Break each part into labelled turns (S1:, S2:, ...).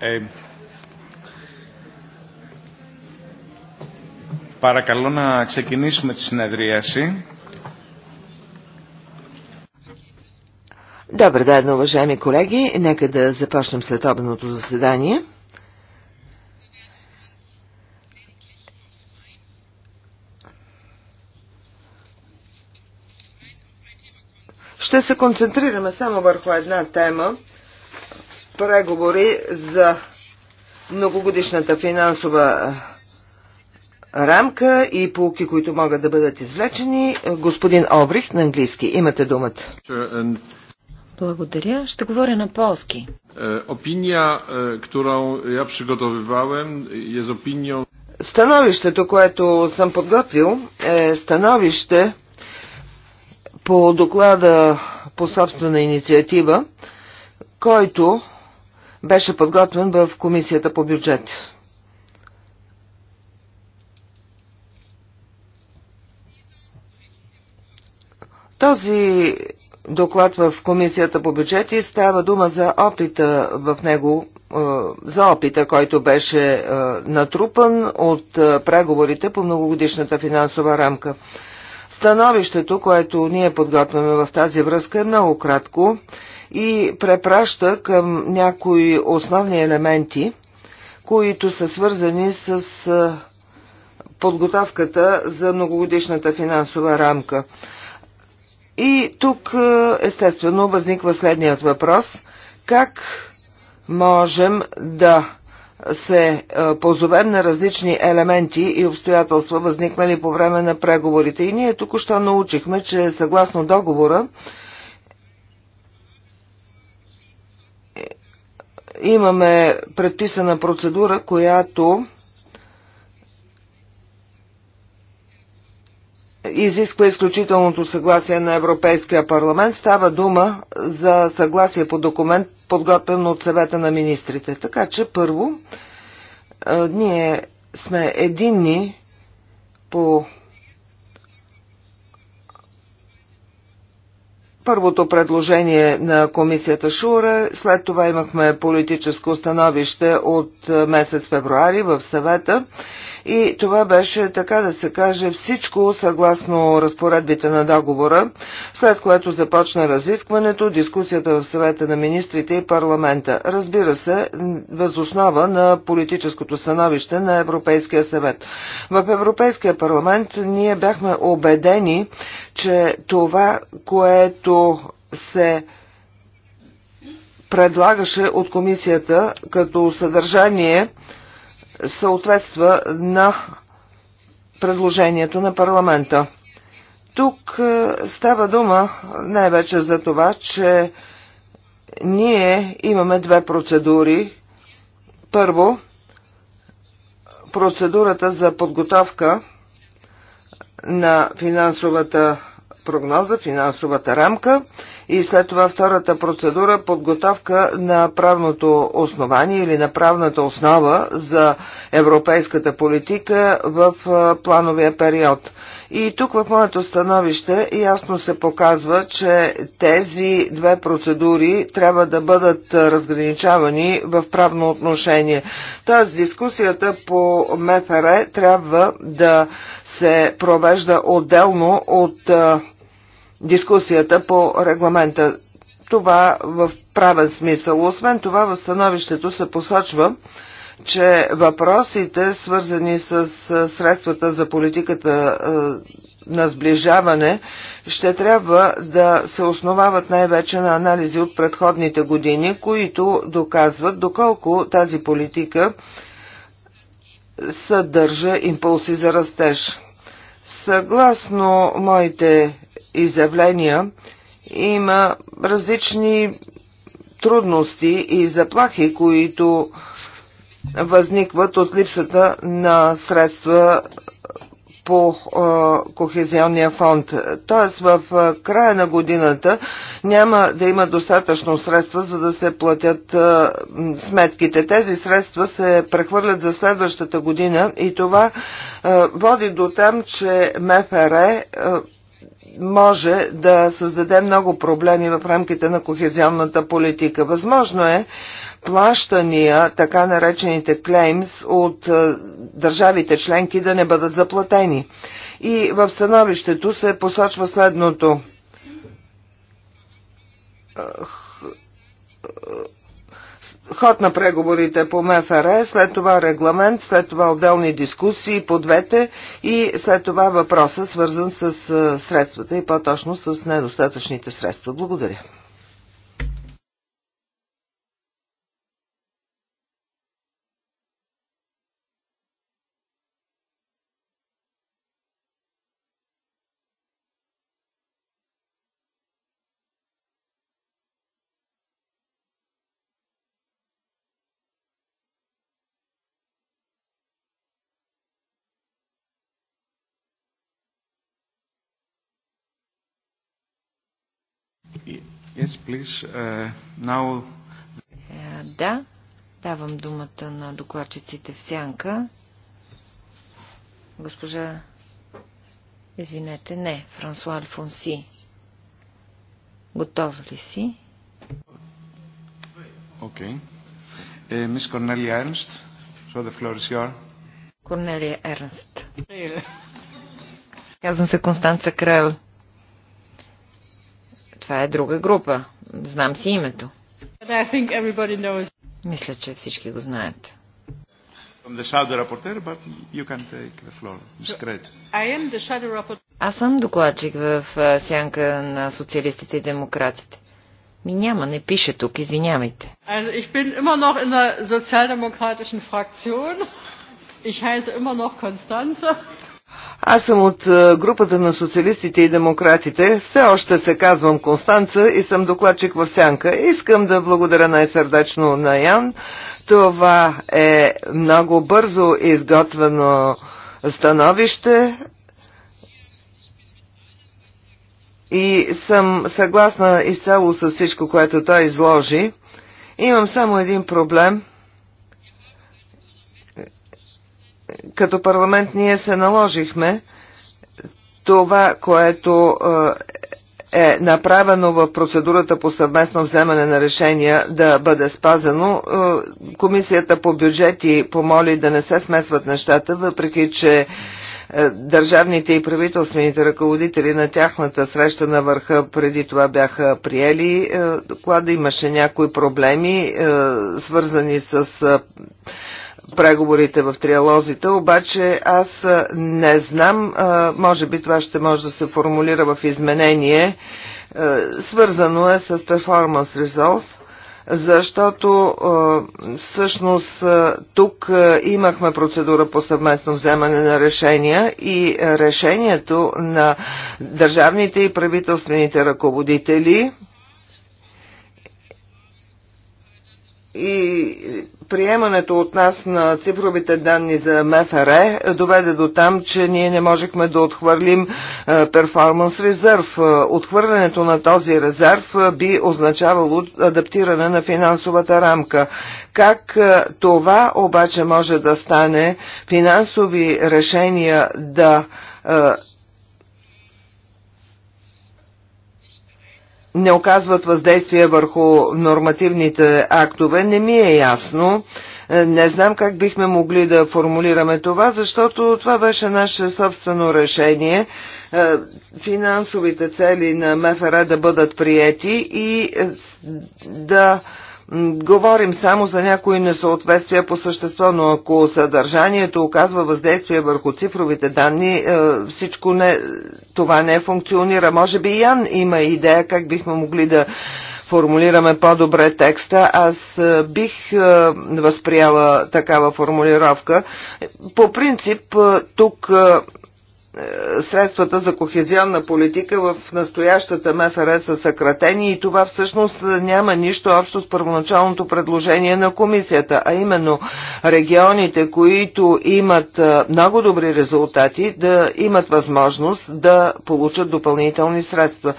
S1: Eh,
S2: παρακαλώ να ξεκινήσουμε τη συνεδρίαση.
S3: Добър ден, уважаеми колеги. Нека да започнем след обедното заседание. Ще се концентрираме само върху една тема – преговори за многогодишната финансова рамка и полки, които могат да бъдат извлечени. Господин Обрих на английски. Имате думата. Благодаря. Ще говоря на полски.
S2: Е, опиния, którą ja przygotowywałem, jest опиния...
S3: Становището, което съм подготвил, е становище по доклада по собствена инициатива, който беше подготвен в Комисията по бюджет. Този доклад в Комисията по бюджети става дума за опита в него, е, за опита, който беше е, натрупан от е, преговорите по многогодишната финансова рамка. Становището, което ние подготвяме в тази връзка е много кратко и препраща към някои основни елементи, които са свързани с подготовката за многогодишната финансова рамка. И тук естествено възниква следният въпрос. Как можем да се позовем на различни елементи и обстоятелства, възникнали по време на преговорите. И ние тук що научихме, че съгласно договора, имаме предписана процедура, която изисква изключителното съгласие на Европейския парламент. Става дума за съгласие по документ, подготвен от съвета на министрите. Така че първо, ние сме единни по Първото предложение на комисията Шура, след това имахме политическо становище от месец февруари в съвета и това беше, така да се каже, всичко съгласно разпоредбите на договора, след което започна разискването, дискусията в съвета на министрите и парламента. Разбира се, възоснова на политическото становище на Европейския съвет. В Европейския парламент ние бяхме убедени, че това, което се предлагаше от комисията като съдържание съответства на предложението на парламента. Тук е, става дума най-вече за това, че ние имаме две процедури. Първо, процедурата за подготовка на финансовата прогноза, финансовата рамка и след това втората процедура подготовка на правното основание или на правната основа за европейската политика в плановия период. И тук в моето становище ясно се показва, че тези две процедури трябва да бъдат разграничавани в правно отношение. Тоест дискусията по МФР трябва да се провежда отделно от дискусията по регламента. Това в правен смисъл. Освен това, в становището се посочва, че въпросите, свързани с средствата за политиката на сближаване, ще трябва да се основават най-вече на анализи от предходните години, които доказват доколко тази политика съдържа импулси за растеж. Съгласно моите изявления има различни трудности и заплахи, които възникват от липсата на средства по Кохезионния фонд. Тоест в края на годината няма да има достатъчно средства, за да се платят сметките. Тези средства се прехвърлят за следващата година и това води до там, че МФР може да създаде много проблеми в рамките на кохезионната политика. Възможно е плащания, така наречените клеймс от е, държавите членки да не бъдат заплатени. И в становището се посочва следното ход на преговорите по МФР, след това регламент, след това отделни дискусии по двете и след това въпроса свързан с средствата и по-точно с недостатъчните средства. Благодаря.
S2: Yes, please. Uh, now... Uh, да, давам думата на докладчиците в сянка. Госпожа, извинете, не, Франсуа Альфонси. Готов ли си?
S1: Окей. Okay. Мис Корнелия Ернст, so the floor is yours.
S2: Корнелия Ернст. Казвам се Констанца Крел. Това е друга група. Знам си името. Мисля, че всички го знаят. Аз съм докладчик в сянка на социалистите и демократите. Ми няма, не пише тук, извинявайте.
S1: Аз
S3: аз съм от е, групата на социалистите и демократите. Все още се казвам Констанца и съм докладчик в Сянка. Искам да благодаря най-сърдечно на Ян. Това е много бързо изготвено становище. И съм съгласна изцяло с всичко, което той изложи. Имам само един проблем – като парламент ние се наложихме това, което е, е направено в процедурата по съвместно вземане на решения да бъде спазено. Е, комисията по бюджети помоли да не се смесват нещата, въпреки че е, държавните и правителствените ръководители на тяхната среща на върха преди това бяха приели доклада. Имаше някои проблеми, свързани с преговорите в триалозите, обаче аз не знам, може би това ще може да се формулира в изменение, свързано е с Performance Results, защото всъщност тук имахме процедура по съвместно вземане на решения и решението на държавните и правителствените ръководители и Приемането от нас на цифровите данни за МФР доведе до там, че ние не можехме да отхвърлим перформанс резерв. Отхвърлянето на този резерв е, би означавало адаптиране на финансовата рамка. Как е, това обаче може да стане финансови решения да е, не оказват въздействие върху нормативните актове, не ми е ясно. Е, не знам как бихме могли да формулираме това, защото това беше наше собствено решение е, финансовите цели на МФР да бъдат приети и е, да Говорим само за някои несъответствия по същество, но ако съдържанието оказва въздействие върху цифровите данни, е, всичко не, това не функционира. Може би Ян има идея как бихме могли да формулираме по-добре текста. Аз е, бих е, възприяла такава формулировка. По принцип, тук е, средствата за кохезионна политика в настоящата МФР са съкратени и това всъщност няма нищо общо с първоначалното предложение на комисията, а именно регионите, които имат е, много добри резултати, да имат възможност да получат допълнителни средства.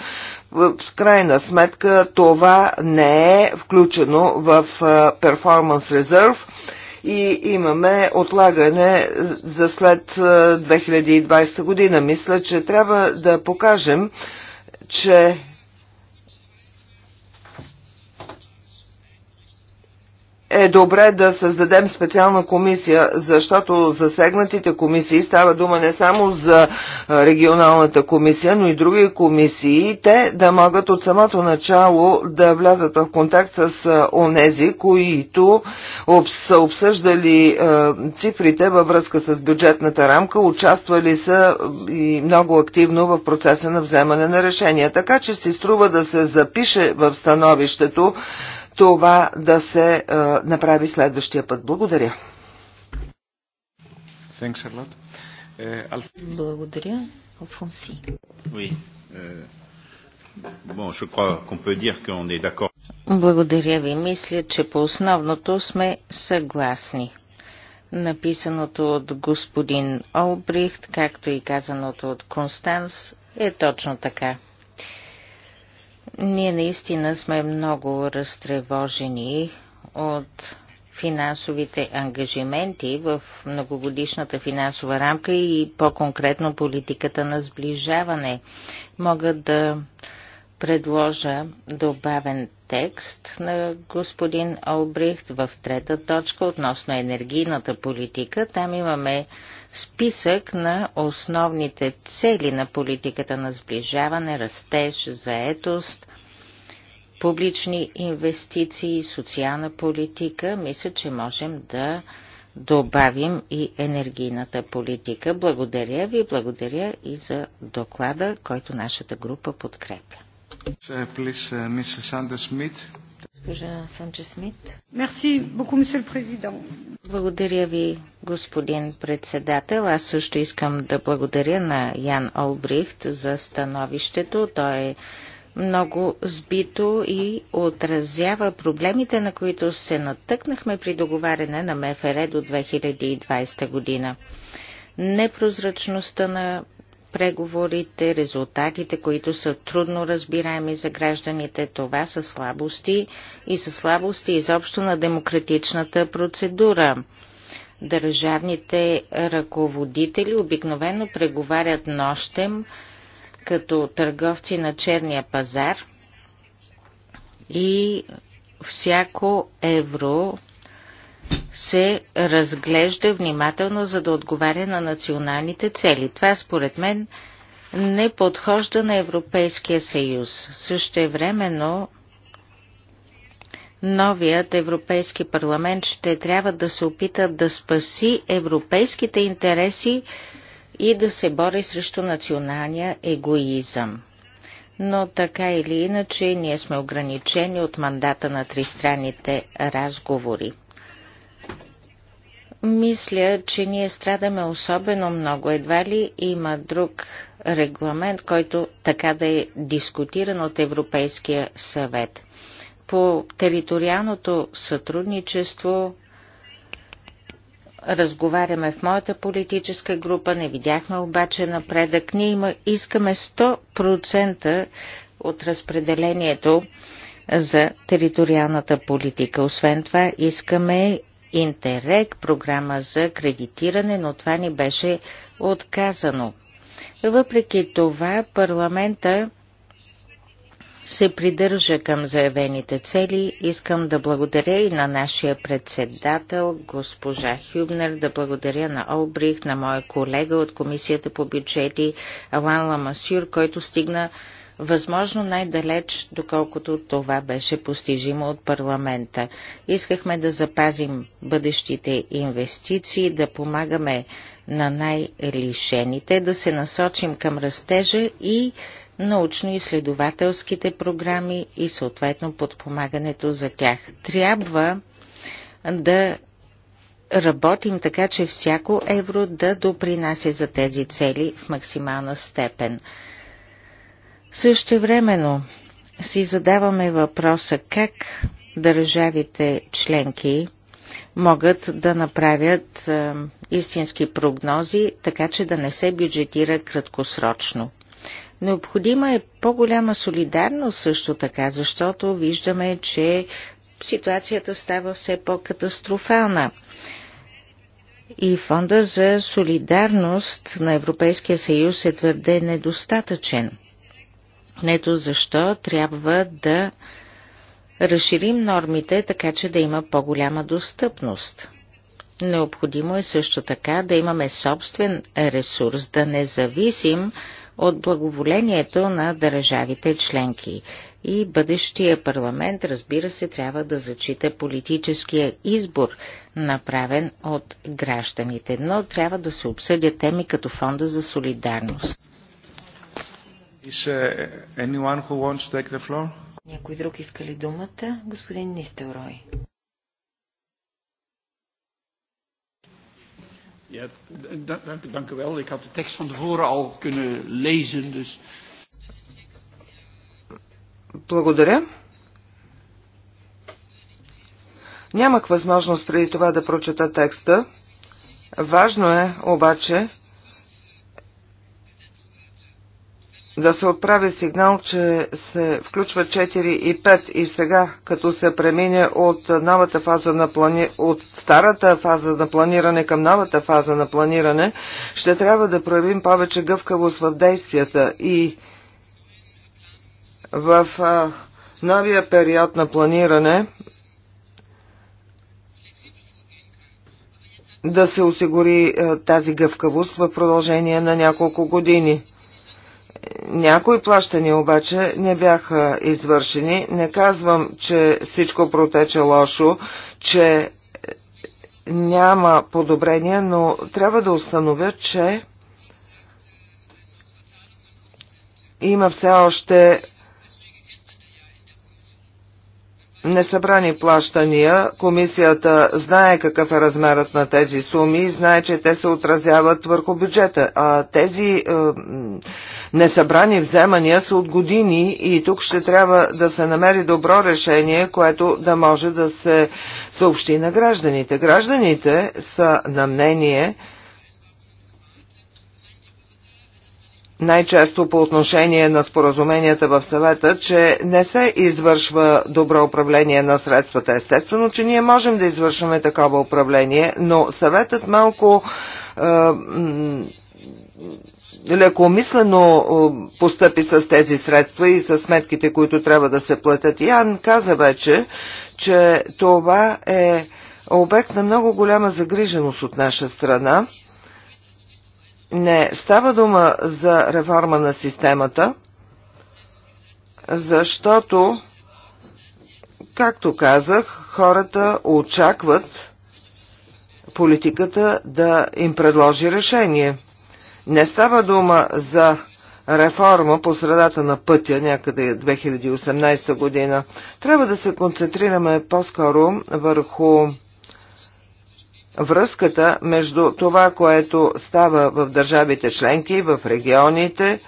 S3: В крайна сметка това не е включено в перформанс резерв и имаме отлагане за след 2020 е, година. Мисля, че трябва да покажем, че е добре да създадем специална комисия, защото засегнатите комисии става дума не само за регионалната комисия, но и други комисии, те да могат от самото начало да влязат в контакт с онези, които са обсъждали цифрите във връзка с бюджетната рамка, участвали са и много активно в процеса на вземане на решения. Така че си струва да се запише в становището, това да се а, е, направи следващия път. Благодаря.
S1: Е, Благодаря. Алфонси. Oui. Е, bon, crois dire Благодаря ви. Мисля, че по основното сме съгласни. Написаното от господин Олбрихт, както и казаното от Констанс, е точно така. Ние наистина сме много разтревожени от финансовите ангажименти в многогодишната финансова рамка и по-конкретно политиката на сближаване. Мога да предложа добавен текст на господин Олбрихт в трета точка относно енергийната политика. Там имаме списък на основните цели на политиката на сближаване, растеж, заетост, публични инвестиции, социална политика, мисля, че можем да добавим и енергийната политика. Благодаря ви, благодаря и за доклада, който нашата група подкрепя. Please, uh, Mrs. Smith. Госпожа Смит.
S3: Мерси боку, мисъл президент.
S1: Благодаря ви, господин председател. Аз също искам да благодаря на Ян Олбрихт за становището. Той е много сбито и отразява проблемите, на които се натъкнахме при договаряне на МФР до 2020 година. Непрозрачността на преговорите, резултатите, които са трудно разбираеми за гражданите, това са слабости и са слабости изобщо на демократичната процедура. Държавните ръководители обикновено преговарят нощем като търговци на черния пазар и всяко евро се разглежда внимателно, за да отговаря на националните цели. Това според мен не подхожда на Европейския съюз. Също времено новият Европейски парламент ще трябва да се опита да спаси европейските интереси и да се бори срещу националния егоизъм. Но така или иначе, ние сме ограничени от мандата на тристранните разговори. Мисля, че ние страдаме особено много. Едва ли има друг регламент, който така да е дискутиран от Европейския съвет. По териториалното сътрудничество разговаряме в моята политическа група, не видяхме обаче напредък. Ние има, искаме 100% от разпределението за териториалната политика. Освен това, искаме Интерек, програма за кредитиране, но това ни беше отказано. Въпреки това, парламента се придържа към заявените цели. Искам да благодаря и на нашия председател, госпожа Хюбнер, да благодаря на Олбрих, на моя колега от Комисията по бюджети, Алан Ламасюр, който стигна възможно най-далеч, доколкото това беше постижимо от парламента. Искахме да запазим бъдещите инвестиции, да помагаме на най-лишените, да се насочим към растежа и научно-изследователските програми и съответно подпомагането за тях. Трябва да работим така, че всяко евро да допринася за тези цели в максимална степен. Същевременно си задаваме въпроса как държавите членки могат да направят е, истински прогнози, така че да не се бюджетира краткосрочно. Необходима е по-голяма солидарност също така, защото виждаме, че ситуацията става все по-катастрофална. И фонда за солидарност на Европейския съюз е твърде недостатъчен. Нето защо трябва да разширим нормите, така че да има по-голяма достъпност. Необходимо е също така да имаме собствен ресурс, да не зависим от благоволението на държавите членки. И бъдещия парламент, разбира се, трябва да зачита политическия избор, направен от гражданите, но трябва да се обсъдят теми като Фонда за солидарност. Uh,
S2: Някой друг иска ли думата? Господин Нистелрой. Ja, dank,
S3: dank u wel. Ik had de tekst van tevoren al kunnen lezen, dus... Благодаря. Нямах възможност преди това да прочета текста. Важно е, обаче, да се отправи сигнал, че се включва 4 и 5 и сега, като се премине от, новата фаза на плани... от старата фаза на планиране към новата фаза на планиране, ще трябва да проявим повече гъвкавост в действията и в а, новия период на планиране да се осигури а, тази гъвкавост в продължение на няколко години. Някои плащания обаче не бяха извършени. Не казвам, че всичко протече лошо, че няма подобрение, но трябва да установя, че има все още несъбрани плащания. Комисията знае какъв е размерът на тези суми и знае, че те се отразяват върху бюджета. А тези е, несъбрани вземания са от години и тук ще трябва да се намери добро решение, което да може да се съобщи на гражданите. Гражданите са на мнение, най-често по отношение на споразуменията в съвета, че не се извършва добро управление на средствата. Естествено, че ние можем да извършваме такова управление, но съветът малко е, лекомислено е, постъпи с тези средства и с сметките, които трябва да се платят. Ян каза вече, че това е обект на много голяма загриженост от наша страна. Не става дума за реформа на системата, защото, както казах, хората очакват политиката да им предложи решение. Не става дума за реформа по средата на пътя, някъде 2018 година. Трябва да се концентрираме по-скоро върху връзката между това, което става в държавите членки, в регионите.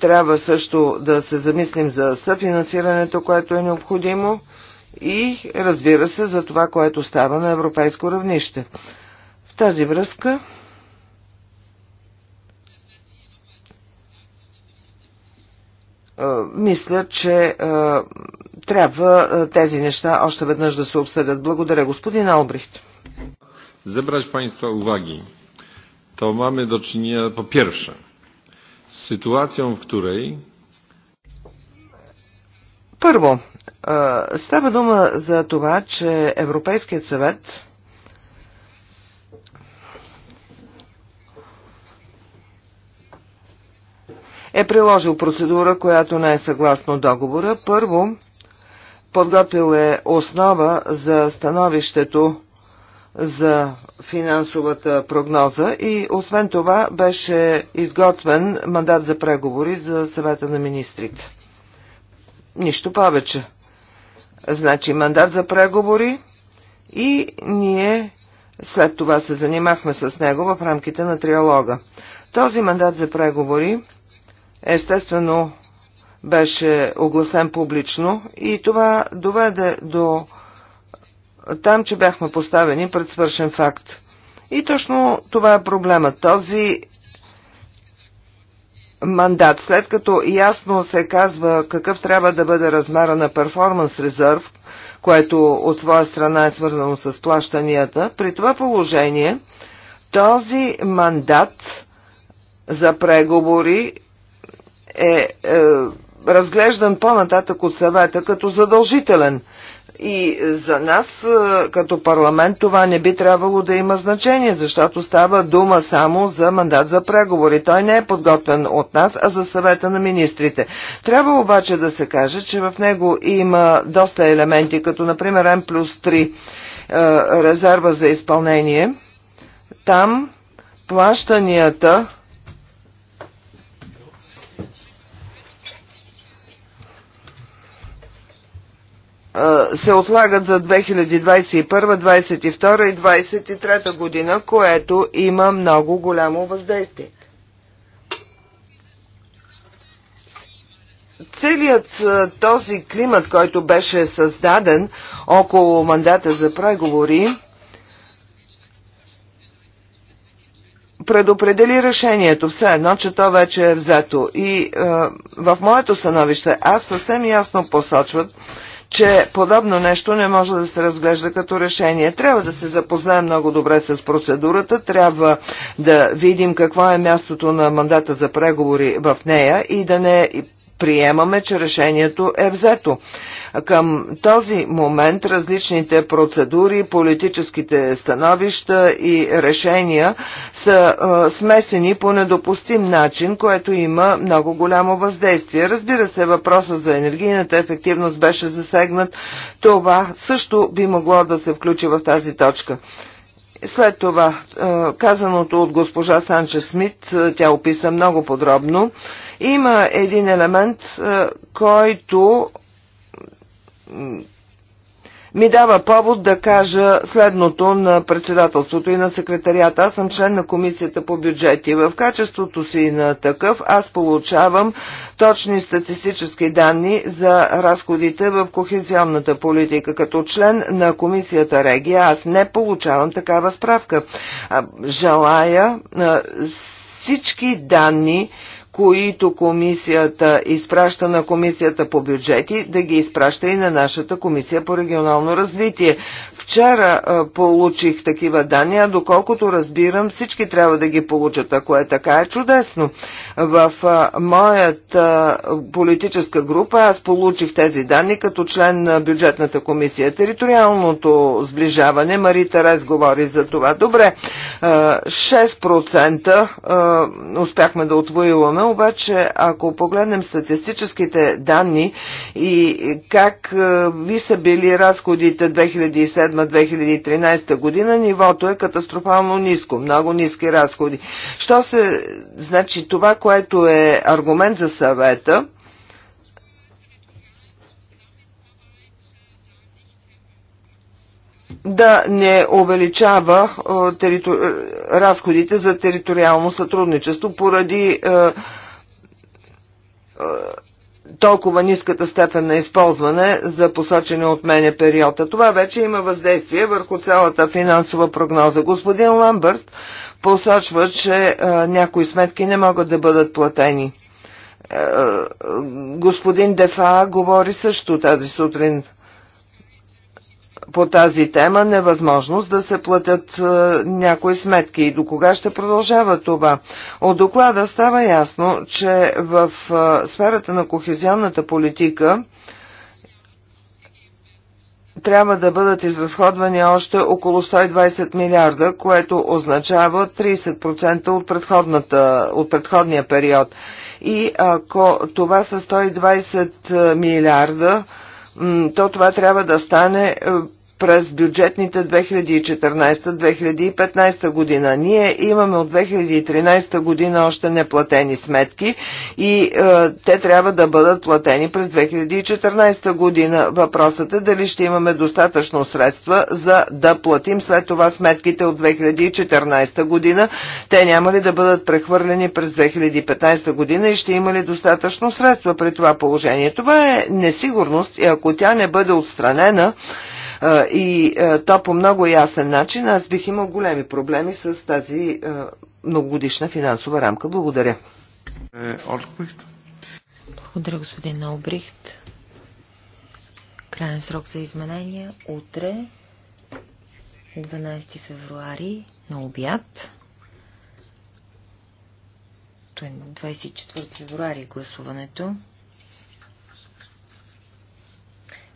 S3: Трябва също да се замислим за съфинансирането, което е необходимо и разбира се за това, което става на европейско равнище. В тази връзка мисля, че трябва тези неща още веднъж да се обсъдят. Благодаря, господин Албрихт
S2: zebrać Państwa uwagi, to mamy do czynienia po pierwsze z sytuacją, w której
S3: Първо, става дума за това, че Европейският съвет е приложил процедура, която не е съгласно договора. Първо, подготвил е основа за становището за финансовата прогноза и освен това беше изготвен мандат за преговори за съвета на министрите. Нищо повече. Значи мандат за преговори и ние след това се занимахме с него в рамките на триалога. Този мандат за преговори естествено беше огласен публично и това доведе до там, че бяхме поставени пред свършен факт. И точно това е проблема. Този мандат, след като ясно се казва какъв трябва да бъде размера на перформанс резерв, което от своя страна е свързано с плащанията, при това положение този мандат за преговори е, е разглеждан по-нататък от съвета като задължителен – и за нас като парламент това не би трябвало да има значение, защото става дума само за мандат за преговори. Той не е подготвен от нас, а за съвета на министрите. Трябва обаче да се каже, че в него има доста елементи, като например М плюс 3 резерва за изпълнение. Там плащанията се отлагат за 2021, 2022 и 2023 година, което има много голямо въздействие. Целият този климат, който беше създаден около мандата за преговори, предопредели решението, все едно, че то вече е взето. И е, в моето становище аз съвсем ясно посочват, че подобно нещо не може да се разглежда като решение. Трябва да се запознаем много добре с процедурата, трябва да видим какво е мястото на мандата за преговори в нея и да не приемаме, че решението е взето. Към този момент различните процедури, политическите становища и решения са е, смесени по недопустим начин, което има много голямо въздействие. Разбира се, въпросът за енергийната ефективност беше засегнат. Това също би могло да се включи в тази точка. След това, е, казаното от госпожа Санче Смит, тя описа много подробно, има един елемент, който ми дава повод да кажа следното на председателството и на секретарията. Аз съм член на комисията по бюджети. В качеството си на такъв аз получавам точни статистически данни за разходите в кохезионната политика. Като член на комисията Регия аз не получавам такава справка. Желая всички данни, които комисията изпраща на комисията по бюджети, да ги изпраща и на нашата комисия по регионално развитие. Вчера а, получих такива данни, а доколкото разбирам, всички трябва да ги получат, ако е така, е чудесно. В а, моята политическа група аз получих тези данни като член на бюджетната комисия. Териториалното сближаване, Мари Терес говори за това. Добре, а, 6% успяхме да отвоюваме обаче ако погледнем статистическите данни и как е, ви са били разходите 2007-2013 година, нивото е катастрофално ниско, много ниски разходи. Що се, значи това, което е аргумент за съвета, да не увеличава разходите за териториално сътрудничество поради толкова ниската степен на използване за посочения от мене периода. това вече има въздействие върху цялата финансова прогноза. Господин Ламбърт посочва, че някои сметки не могат да бъдат платени. Е, е, господин Дефа говори също тази сутрин по тази тема невъзможност да се платят е, някои сметки и до кога ще продължава това. От доклада става ясно, че в е, сферата на кохезионната политика трябва да бъдат изразходвани още около 120 милиарда, което означава 30% от, от предходния период. И ако това са 120 милиарда, то това трябва да стане е, през бюджетните 2014-2015 година. Ние имаме от 2013 година още неплатени сметки и е, те трябва да бъдат платени през 2014 година. Въпросът е дали ще имаме достатъчно средства за да платим след това сметките от 2014 година. Те няма ли да бъдат прехвърлени през 2015 година и ще има ли достатъчно средства при това положение? Това е несигурност и ако тя не бъде отстранена, и то по много ясен начин, аз бих имал големи проблеми с тази многогодишна финансова рамка. Благодаря. Е,
S2: Благодаря, господин Олбрихт. Крайен срок за изменения утре, 12 февруари, на обяд. 24 е февруари гласуването.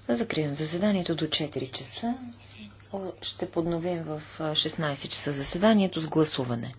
S2: Закривам заседанието до 4 часа. Ще подновим в 16 часа заседанието с гласуване.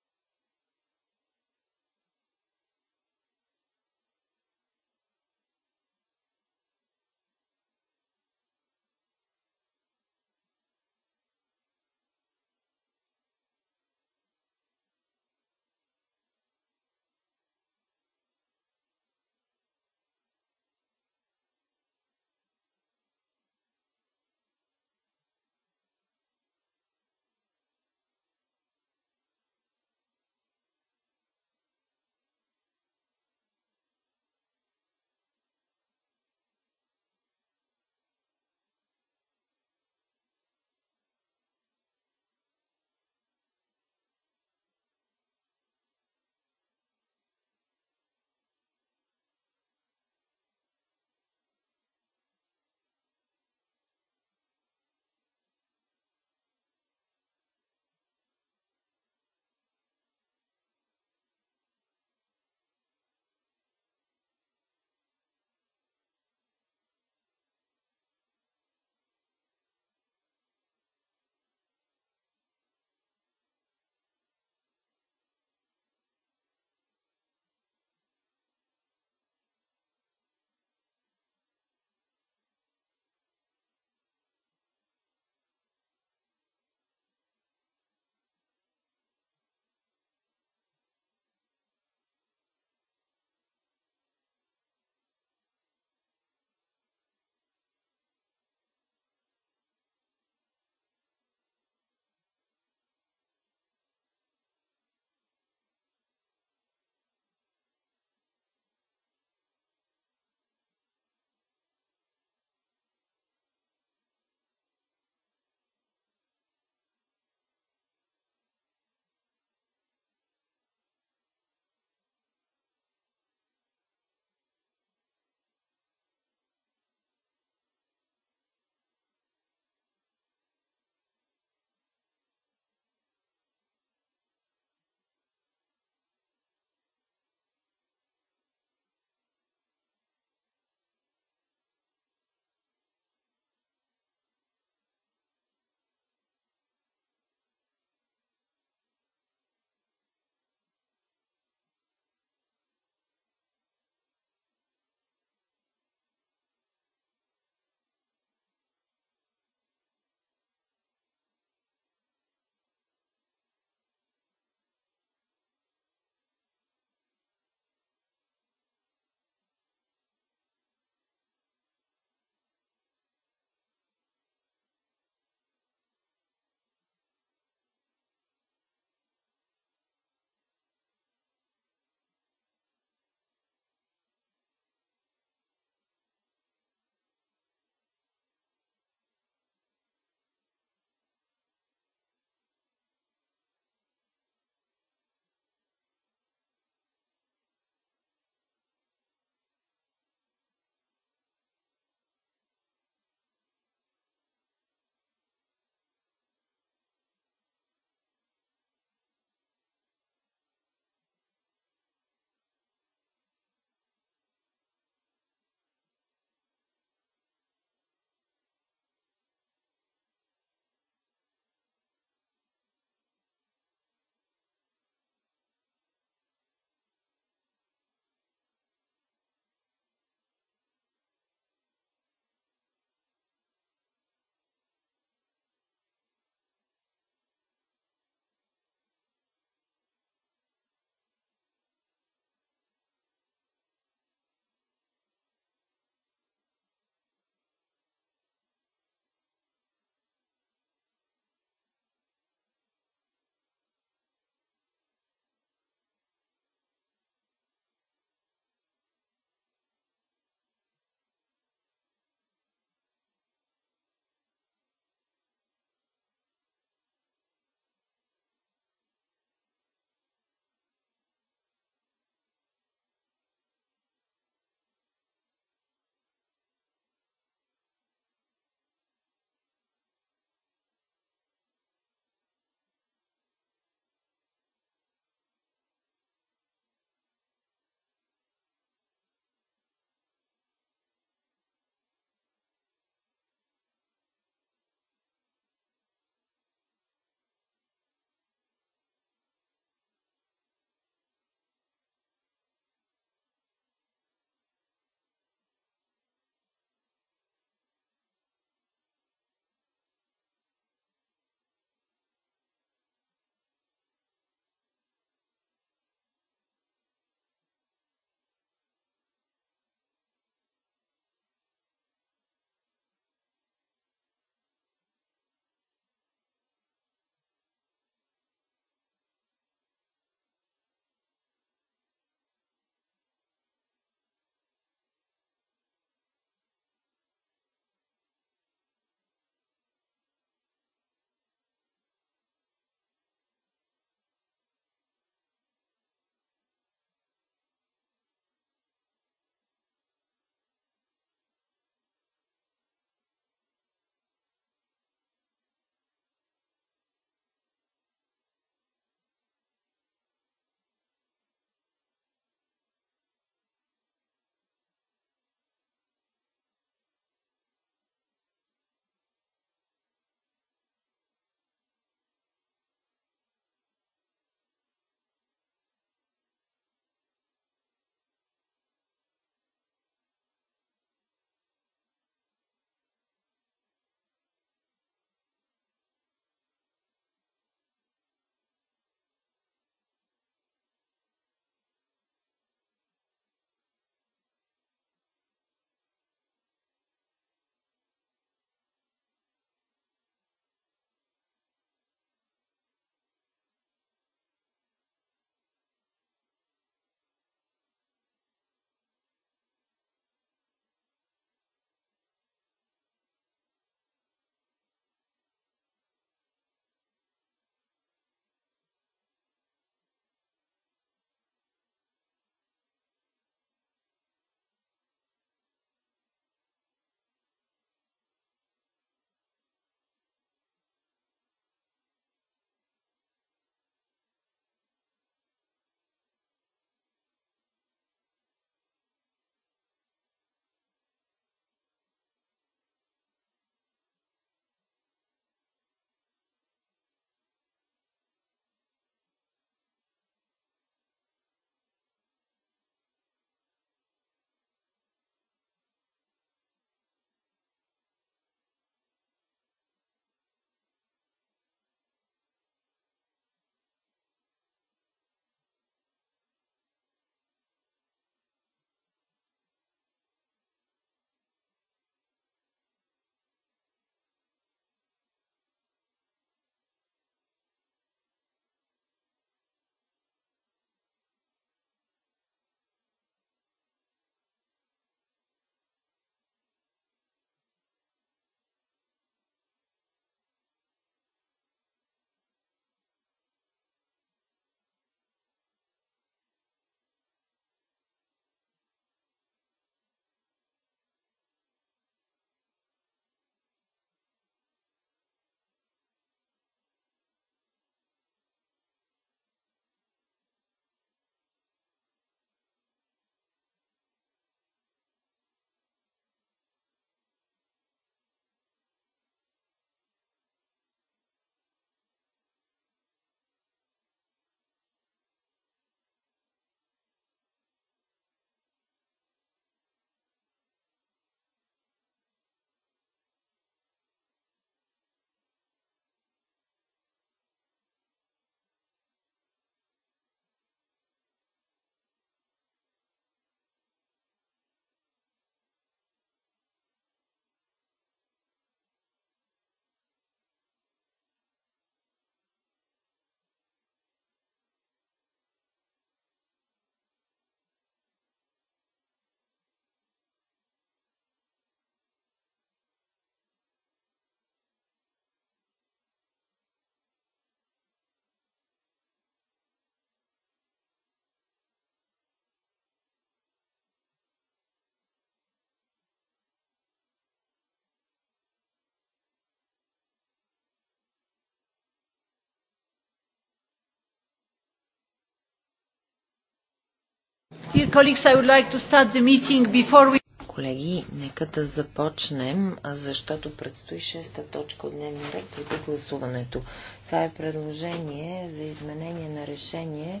S2: Колеги, нека да започнем, защото предстои шеста точка от дневния ред преди гласуването. Това е предложение за изменение на решение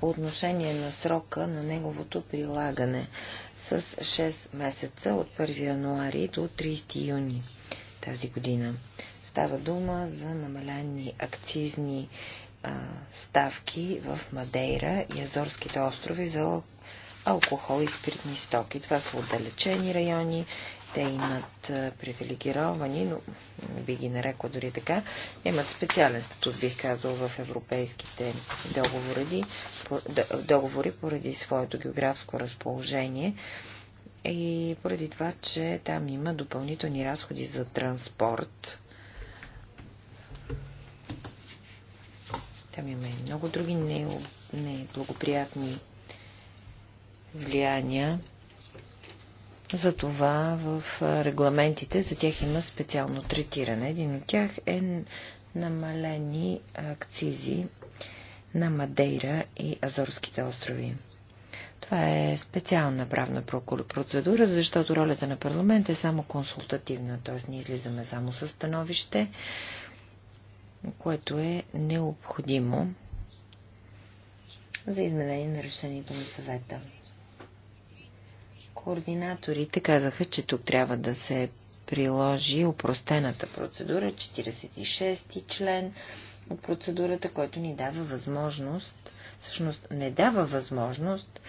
S2: по отношение на срока на неговото прилагане с 6 месеца от 1 януари до 30 юни тази година. Става дума за намаляни акцизни ставки в Мадейра и Азорските острови за алкохол и спиртни стоки. Това са отдалечени райони, те имат привилегировани, но би ги нарекла дори така, имат специален статут, бих казал, в европейските договори, договори поради своето географско разположение и поради това, че там има допълнителни разходи за транспорт. Там има и много други неблагоприятни влияния. Затова в регламентите за тях има специално третиране. Един от тях е намалени акцизи на Мадейра и Азорските острови. Това е специална правна процедура, защото ролята на парламент е само консултативна, т.е. ние излизаме само със становище, което е необходимо за изменение на решението на съвета. Координаторите казаха, че тук трябва да се приложи упростената процедура, 46 ти член от процедурата, който ни дава възможност, всъщност не дава възможност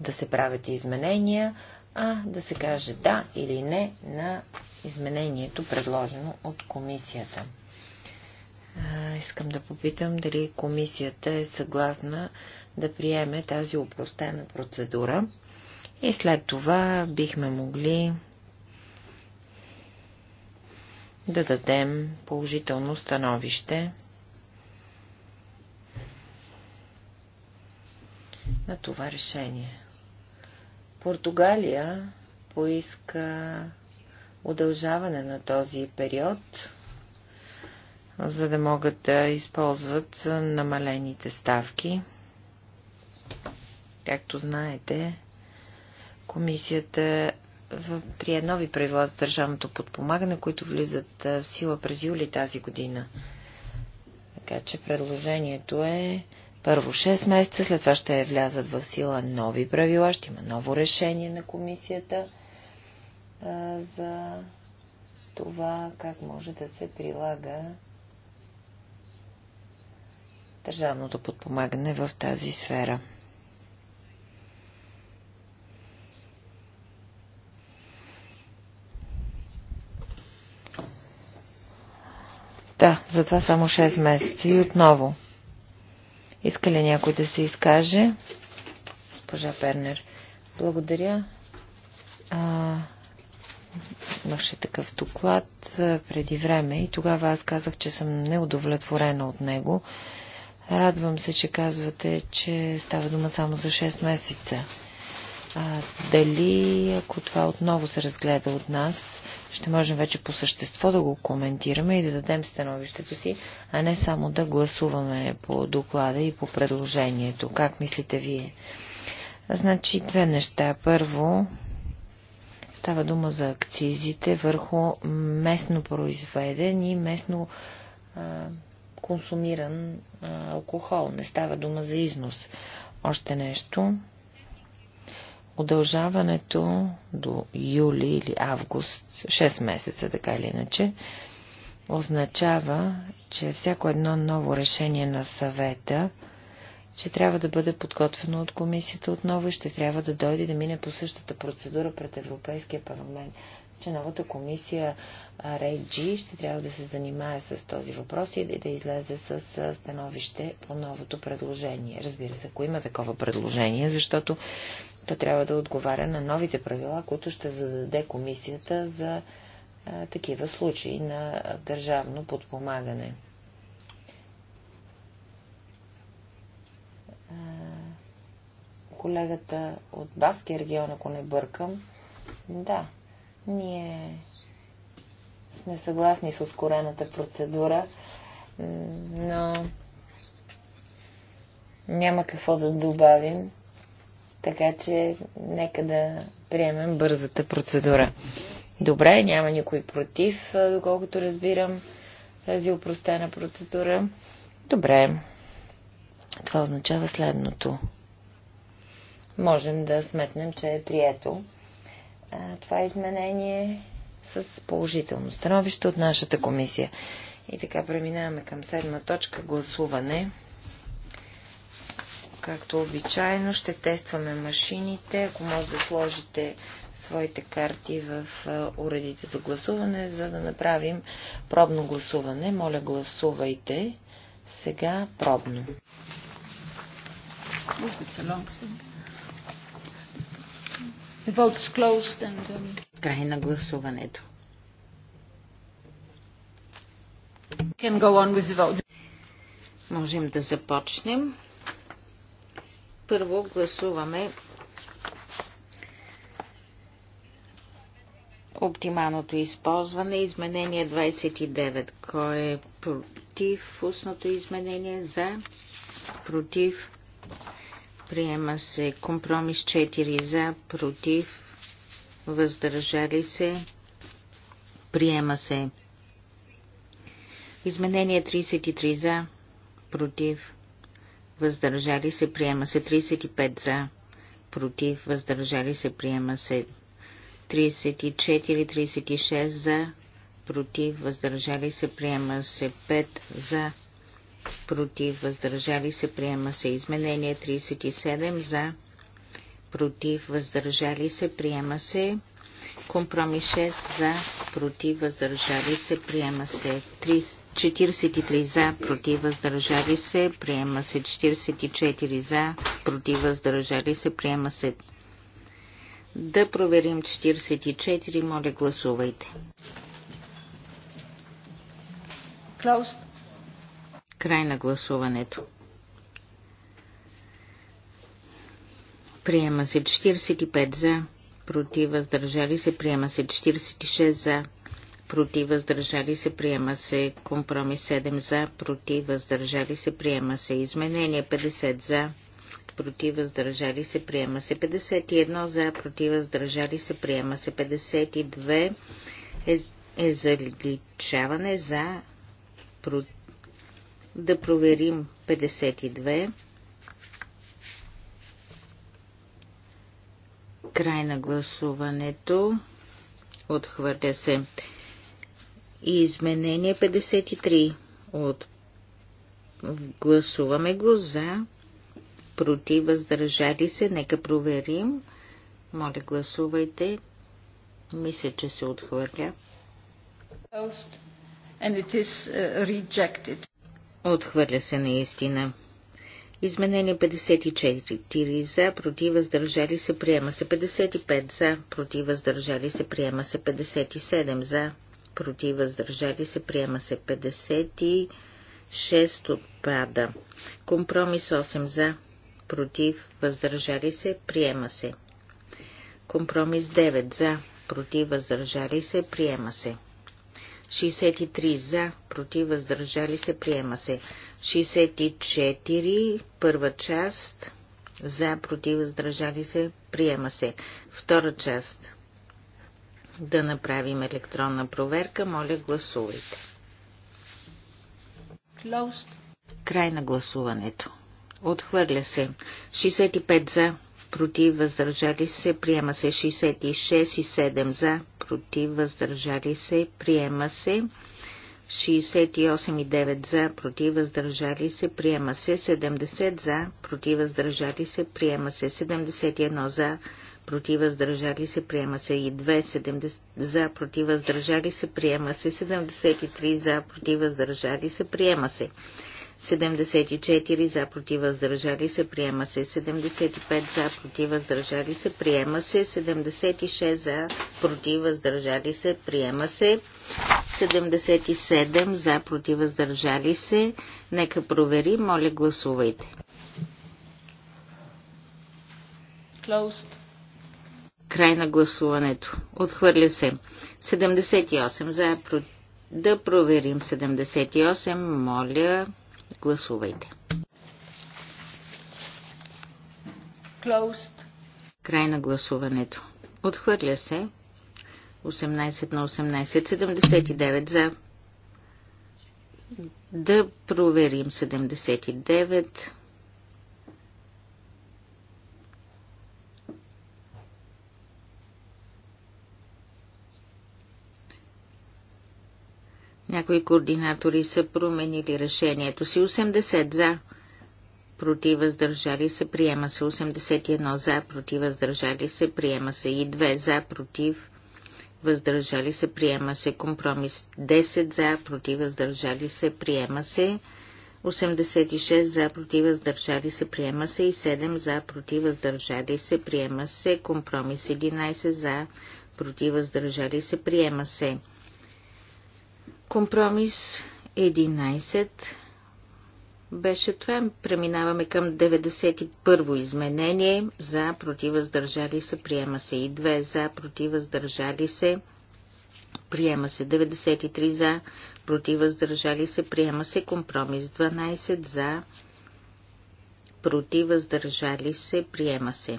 S2: да се правят изменения, а да се каже да или не на изменението, предложено от комисията. Искам да попитам дали комисията е съгласна да приеме тази упростена процедура и след това бихме могли да дадем положително становище на това решение. Португалия поиска удължаване на този период, за да могат да използват намалените ставки. Както знаете, Комисията прие нови правила за държавното подпомагане, които влизат в сила през юли тази година. Така че предложението е първо 6 месеца, след това ще влязат в сила нови правила, ще има ново решение на комисията а, за това как може да се прилага държавното подпомагане в тази сфера. Да, затова само 6 месеца. И отново. Иска ли някой да се изкаже? Госпожа Пернер. Благодаря. А, имаше такъв доклад преди време и тогава аз казах, че съм неудовлетворена от него. Радвам се, че казвате, че става дума само за 6 месеца а, дали, ако това отново се разгледа от нас, ще можем вече по същество да го коментираме и да дадем становището си, а не само да гласуваме по доклада и по предложението. Как мислите вие? Значи две неща. Първо, става дума за акцизите върху местно произведен и местно а, консумиран а, алкохол. Не става дума за износ. Още нещо. Удължаването до юли или август, 6 месеца така или иначе, означава, че всяко едно ново решение на съвета, че трябва да бъде подготвено от комисията отново и ще трябва да дойде да мине по същата процедура пред Европейския парламент че новата комисия Реджи ще трябва да се занимае с този въпрос и да излезе с становище по новото предложение. Разбира се, ако има такова предложение, защото то трябва да отговаря на новите правила, които ще зададе комисията за такива случаи на държавно подпомагане. колегата от Баски регион, ако не бъркам, да, ние сме съгласни с ускорената процедура, но няма какво да добавим, така че нека да приемем бързата процедура. Добре, няма никой против, доколкото разбирам тази упростена процедура. Добре. Това означава следното. Можем да сметнем, че е прието това изменение с положително становище от нашата комисия. И така преминаваме към седма точка гласуване. Както обичайно ще тестваме машините. Ако може да сложите своите карти в уредите за гласуване, за да направим пробно гласуване. Моля,
S1: гласувайте
S2: сега пробно.
S1: It's closed and... Um... Край на гласуването. Can go on with the vote. Можем да започнем. Първо гласуваме оптималното използване. Изменение 29. Кой е против устното изменение? За? Против? Приема се компромис 4 за, против, въздържали се. Приема се. Изменение 33 за, против, въздържали се. Приема се 35 за, против, въздържали се. Приема се 34-36 за, против, въздържали се. Приема се 5 за, против против, въздържали се, приема се. Изменение 37 за, против, въздържали се, приема се. Компромис 6 за, против, въздържали се, приема се. 43 за, против, въздържали се, приема се. 44 за, против, въздържали се, приема се. Да проверим 44, моля гласувайте. Closed. Край на гласуването. Приема се 45 за, против въздържали се, приема се 46 за, против въздържали се, приема се компромис 7 за, против въздържали се, приема се изменение 50 за, против въздържали се, приема се 51 за, против въздържали се, приема се 52 е, е заличаване за, против да проверим 52. Край на гласуването. Отхвърля се. И изменение 53. От... Гласуваме го за. Против, въздържали се. Нека проверим. Моля, гласувайте. Мисля, че се отхвърля. And it is uh, rejected. Отхвърля се наистина. Изменение 54 за, против, въздържали се, приема се 55 за, против, въздържали се, приема се 57 за, против, въздържали се, приема се 56 отпада. Компромис 8 за, против, въздържали се, приема се. Компромис 9 за, против, въздържали се, приема се. 63 за, против, въздържали се, приема се. 64, първа част, за, против, въздържали се, приема се. Втора част. Да направим електронна проверка, моля гласувайте. Closed. Край на гласуването. Отхвърля се. 65 за, против, въздържали се, приема се. 66 и 7 за, против, въздържали се, приема се. 68,9 за, против, въздържали се, приема се. 70 за, против, въздържали се, приема се. 71 за, против, въздържали се, приема се. И 2 70, за, против, въздържали се, приема се. 73 за, против, въздържали се, приема се. 74 за против въздържали се приема се 75 за против въздържали се приема се 76 за против въздържали се приема се 77 за против въздържали се нека провери моля гласувайте Closed. Край на гласуването. Отхвърля се. 78 за. Да проверим 78. Моля. Гласувайте. Closed. Край на гласуването. Отхвърля се. 18 на 18. 79 за. Да проверим 79. Някои координатори са променили решението си. 80 за, против въздържали се, приема се. 81 за, против въздържали се, приема се. И 2 за, против въздържали се, приема се. Компромис 10 за, против въздържали се, приема се. 86 за против въздържали се приема се и 7 за против въздържали се приема се. Компромис 11 за против въздържали се приема се. Компромис 11 беше това. Преминаваме към 91-во изменение. За, против, въздържали се, приема се. И 2 за, против, въздържали се, приема се. 93 за, против, въздържали се, приема се. Компромис 12 за, против, въздържали се, приема се.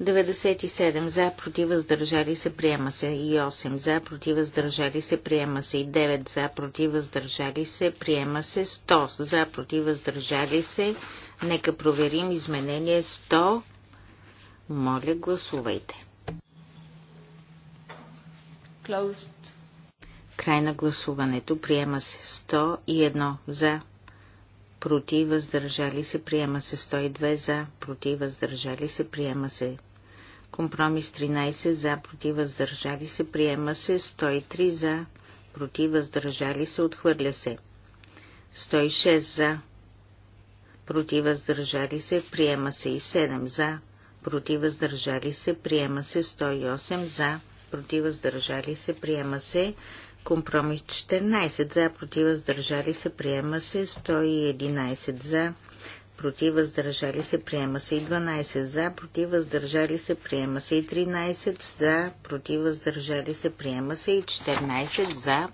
S1: 97 за, против, въздържали се, приема се и 8 за, против, въздържали се, приема се и 9 за, против, въздържали се, приема се 100 за, против, въздържали се. Нека проверим изменение 100. Моля, гласувайте. Closed. Край на гласуването приема се 101 за, против, въздържали се, приема се 102 за, против, въздържали се, приема се. Компромис 13 за, против, въздържали се, приема се 103 за, против, въздържали се, отхвърля се. 106 за, против, въздържали се, приема се и 7 за, против, въздържали се, приема се 108 за, против, въздържали се, приема се Компромис 14 за, против, въздържали се, приема се. 111 за, против, въздържали се, приема се. И 12 за, против, въздържали се, приема се. И 13 за, против, въздържали се, приема се. И 14 за,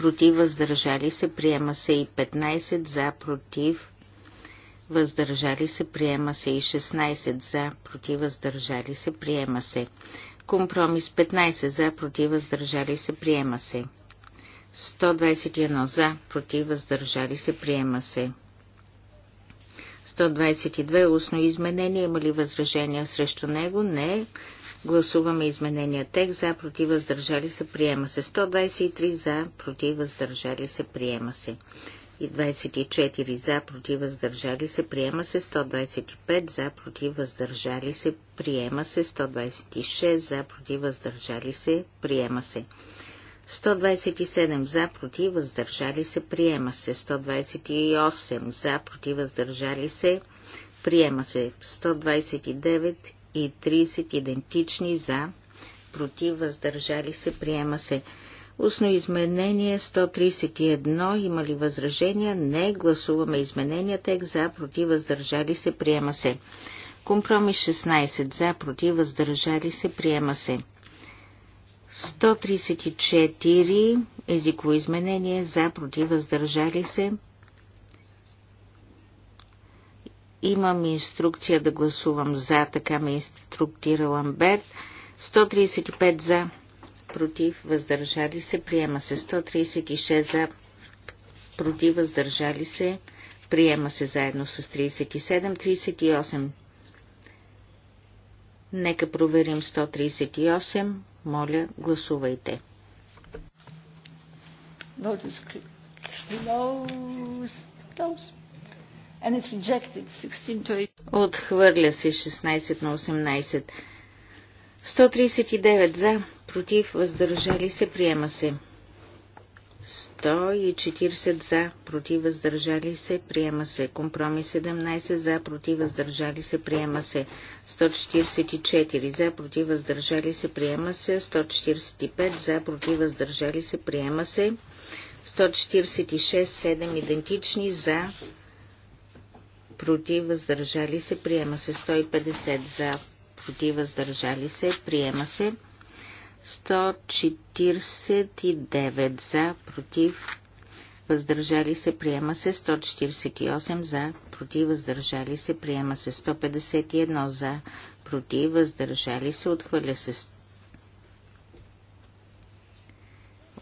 S1: против, въздържали се, приема се. И 15 за, против, въздържали се, приема се. И 16 за, против, въздържали се, приема се. Компромис 15 за, против, въздържали се, приема се. 121 за, против, въздържали се, приема се. 122 устно изменение. Има ли възражения срещу него? Не. Гласуваме изменения текст. За, против, въздържали се, приема се. 123 за, против, въздържали се, приема се и 24 за, против, въздържали се, приема се 125 за, против, въздържали се, приема се 126 за, против, въздържали се, приема се. 127 за, против, въздържали се, приема се. 128 за, против, въздържали се, приема се. 129 и 30 идентични за, против, въздържали се, приема се. Устно изменение 131. Има ли възражения? Не. Гласуваме изменения. Текст за, против, въздържали се, приема се. Компромис 16. За, против, въздържали се, приема се. 134. Езиково изменение. За, против, въздържали се. Имам инструкция да гласувам за, така ме инструктира Ламберт. 135 за, против, въздържали се, приема се 136 за, против, въздържали се, приема се заедно с 37, 38. Нека проверим 138. Моля, гласувайте. Vote is closed. And it's rejected 16 to 8. Отхвърля се 16 на 18. 139 за, против, въздържали се, приема се. 140 за, против, въздържали се, приема се. Компромис 17 за, против, въздържали се, приема се. 144 за, против, въздържали се, приема се. 145 за, против, въздържали се, приема се. 146, 7 идентични за, против, въздържали се, приема се. 150 за, против, въздържали се, приема се. 149 за, против, въздържали се, приема се 148 за, против, въздържали се, приема се 151 за, против, въздържали се, отхвърля се.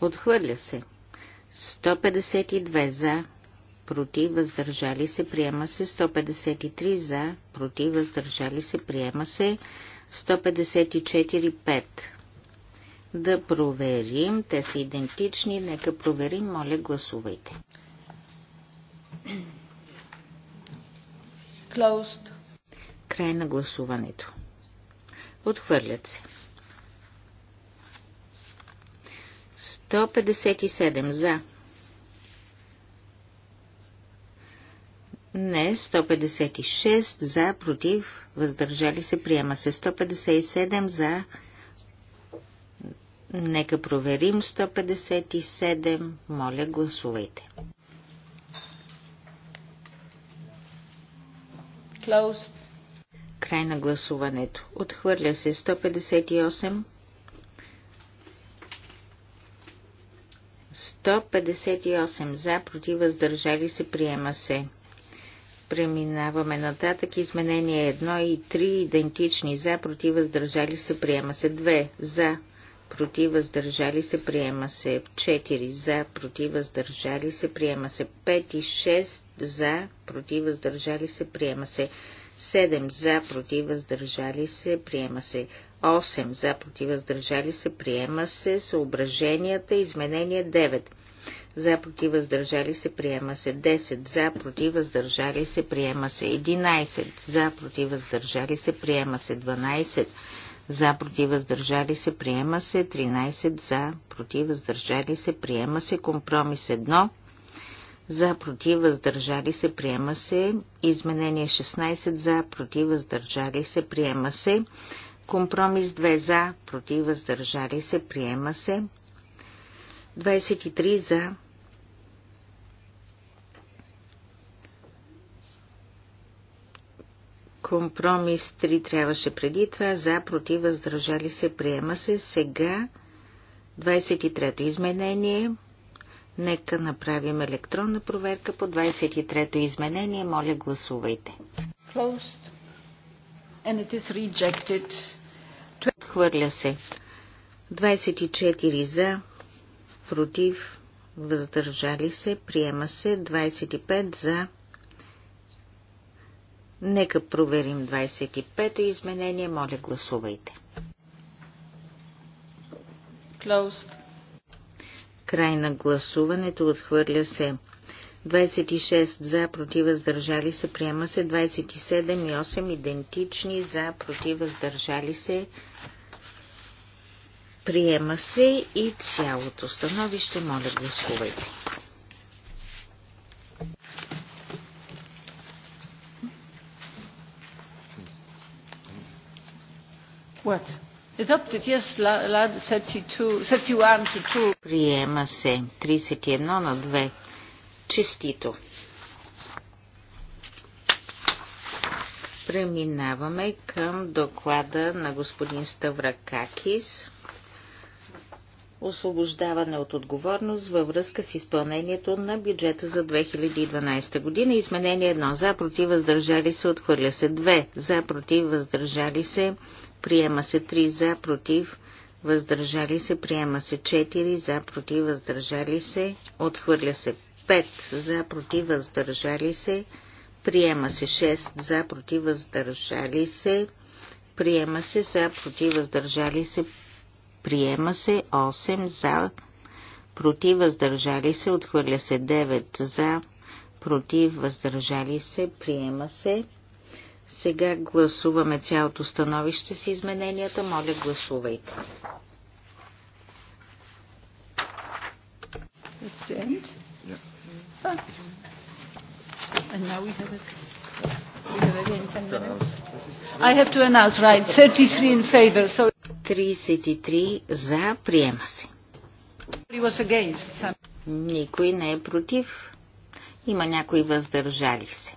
S1: Отхвърля се. 152 за, против, въздържали се, приема се 153 за, против, въздържали се, приема се 154 5 да проверим. Те са идентични. Нека проверим. Моля, гласувайте. Closed. Край на гласуването. Отхвърлят се. 157 за. Не, 156 за, против, въздържали се, приема се 157 за, Нека проверим 157. Моля, гласувайте. Closed. Край на гласуването. Отхвърля се 158. 158 за, против, въздържали се, приема се. Преминаваме нататък. Изменения 1 и 3 идентични за, против, въздържали се, приема се. 2 за, против въздържали се, приема се 4 за, против въздържали се, приема се 5 и 6 за, против въздържали се, приема се 7 за, против въздържали се, приема се 8 за, против въздържали се, приема се съображенията, изменения 9 за, против въздържали се, приема се 10 за, против въздържали се, приема се 11 за, против въздържали се, приема се 12 за против въздържали се, приема се 13 за против въздържали се, приема се компромис 1 за против въздържали се, приема се изменение 16 за против въздържали се, приема се компромис 2 за против въздържали се, приема се 23 за Компромис 3 трябваше преди това. За, против, въздържали се, приема се. Сега 23-то изменение. Нека направим електронна проверка по 23-то изменение. Моля, гласувайте. Closed. And it is rejected. Отхвърля се. 24 за, против, въздържали се, приема се. 25 за, Нека проверим 25-то изменение. Моля, гласувайте. Closed. Край на гласуването отхвърля се. 26 за, против, въздържали се, приема се. 27 и 8 идентични за, против, въздържали се, приема се. И цялото становище, моля, гласувайте. What? Adopted, yes, 32, 31 to 2. Приема се 31 на 2. Честито. Преминаваме към доклада на господин Ставракакис. Освобождаване от отговорност във връзка с изпълнението на бюджета за 2012 година. Изменение 1. За против въздържали се отхвърля се 2. За против въздържали се Приема се 3 за, против, въздържали се. Приема се 4 за, против, въздържали се. Отхвърля се 5 за, против, въздържали се. Приема се 6 за, против, въздържали се. Приема се за, против, въздържали се. Приема се 8 за, против, въздържали се. Отхвърля се 9 за, против, въздържали се. Приема се. Сега гласуваме цялото становище с измененията. Моля, гласувайте. Ah. I have to announce, right, 33 in favor, so... 33 за, приема се. Никой не е против. Има някои въздържали се.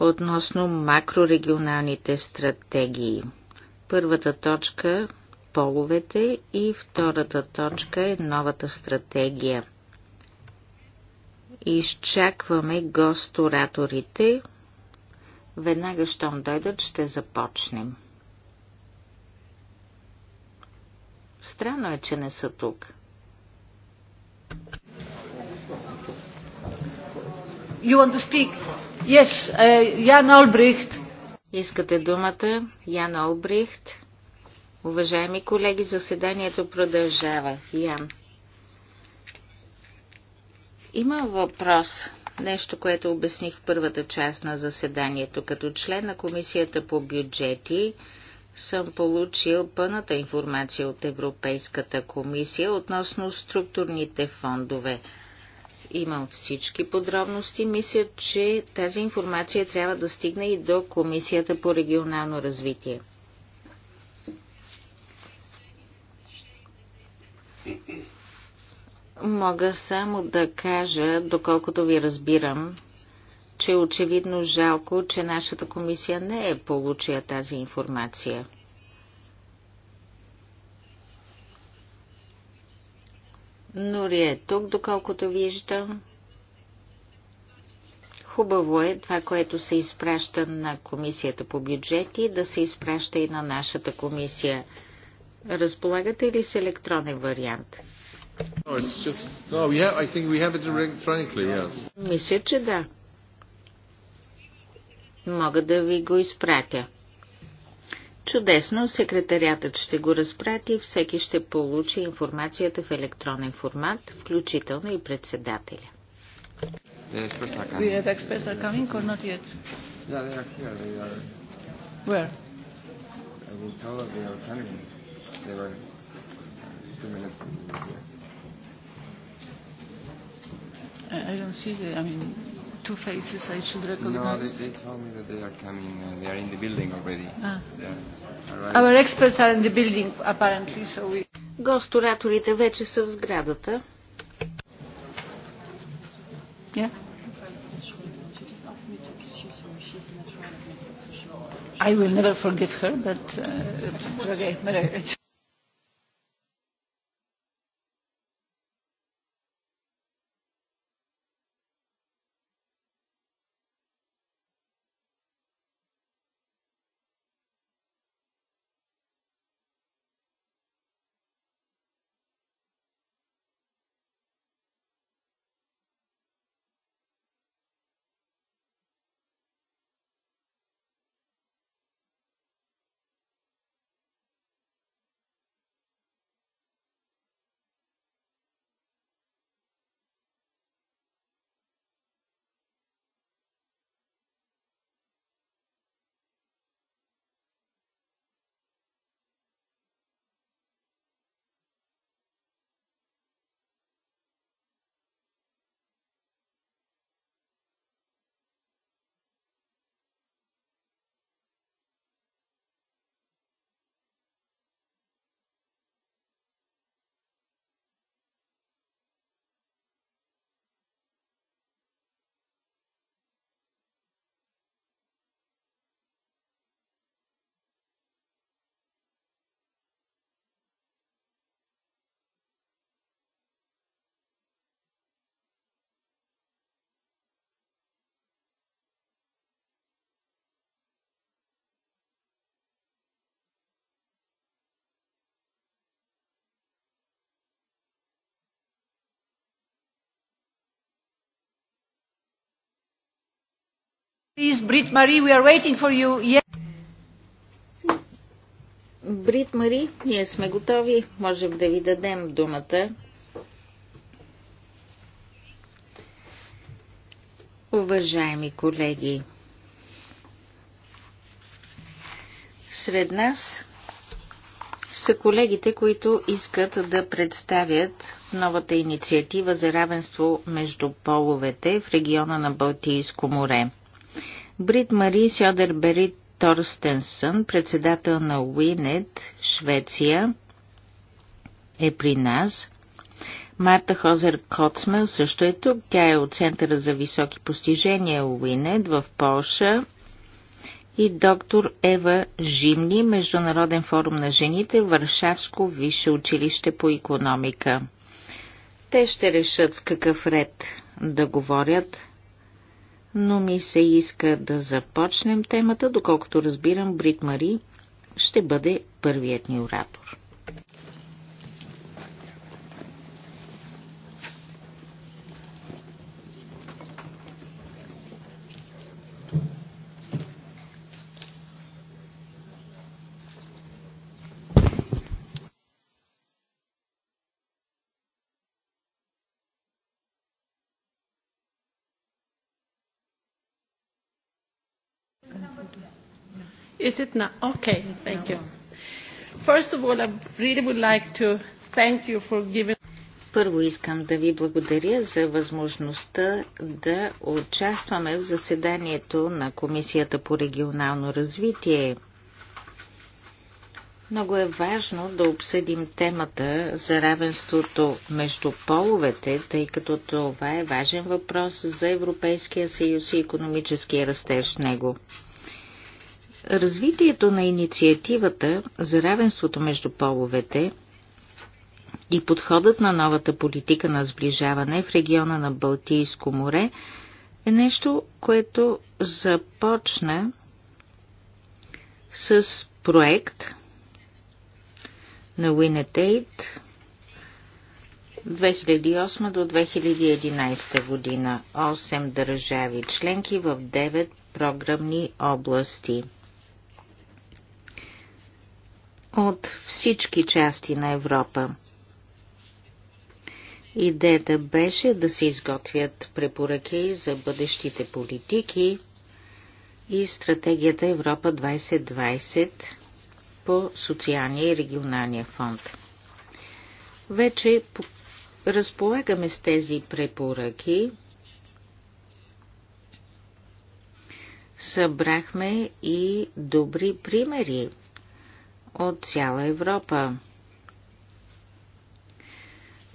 S1: относно макрорегионалните стратегии. Първата точка – половете и втората точка е новата стратегия. Изчакваме гостораторите. Веднага, щом дойдат, ще започнем. Странно е, че не са тук. You want to speak? Yes, uh, Jan Olbricht. Искате думата, Ян Олбрихт. Уважаеми колеги, заседанието продължава. Ян. Има въпрос, нещо, което обясних в първата част на заседанието. Като член на Комисията по бюджети съм получил пълната информация от Европейската комисия относно структурните фондове – Имам всички подробности. Мисля, че тази информация трябва да стигне и до Комисията по регионално развитие. Мога само да кажа, доколкото ви разбирам, че е очевидно жалко, че нашата комисия не е получила тази информация. Нори е тук, доколкото виждам. Хубаво е това, което се изпраща на комисията по бюджети, да се изпраща и на нашата комисия. Разполагате ли с електронен вариант? Мисля, че да. Мога да ви го изпратя. Чудесно, секретариатът ще го разпрати, всеки ще получи информацията в електронен формат, включително и председателя. The express are coming. We have express are coming or not yet? Yeah,
S3: they are here. They are. Where? I will tell them they are coming. They were two minutes
S1: here. I don't see the. I mean two faces I should recognize? No,
S3: they, they told me that they are coming. Uh, they are in the building already. Ah. Our experts
S1: are in the building, apparently, so we... Гостораторите вече са в сградата. Yeah?
S2: I will never forgive
S1: her, but uh, okay, Please, Brit Marie, we are waiting for you. Yes. Брит Мари, ние сме готови. Можем да ви дадем думата. Уважаеми колеги, сред нас са колегите, които искат да представят новата инициатива за равенство между половете в региона на Балтийско море. Брит Мари Сьодербери Торстенсън, председател на Уинет, Швеция, е при нас. Марта Хозер Коцмел също е тук. Тя е от Центъра за високи постижения Уинет в Полша и доктор Ева Жимни, Международен форум на жените, Варшавско висше училище по економика. Те ще решат в какъв ред да говорят но ми се иска да започнем темата. Доколкото разбирам, Брит Мари ще бъде първият ни оратор. Is it Okay, thank you. First of all, I really would like to thank you for giving първо искам да ви благодаря за възможността да участваме в заседанието на Комисията по регионално развитие. Много е важно да обсъдим темата за равенството между половете, тъй като това е важен въпрос за Европейския съюз и економическия растеж него. Развитието на инициативата за равенството между половете и подходът на новата политика на сближаване в региона на Балтийско море е нещо, което започна с проект на Уинетейт 2008 до 2011 година. 8 държави членки в 9 програмни области – от всички части на Европа. Идеята беше да се изготвят препоръки за бъдещите политики и стратегията Европа 2020 по социалния и регионалния фонд. Вече разполагаме с тези препоръки. Събрахме и добри примери от цяла Европа.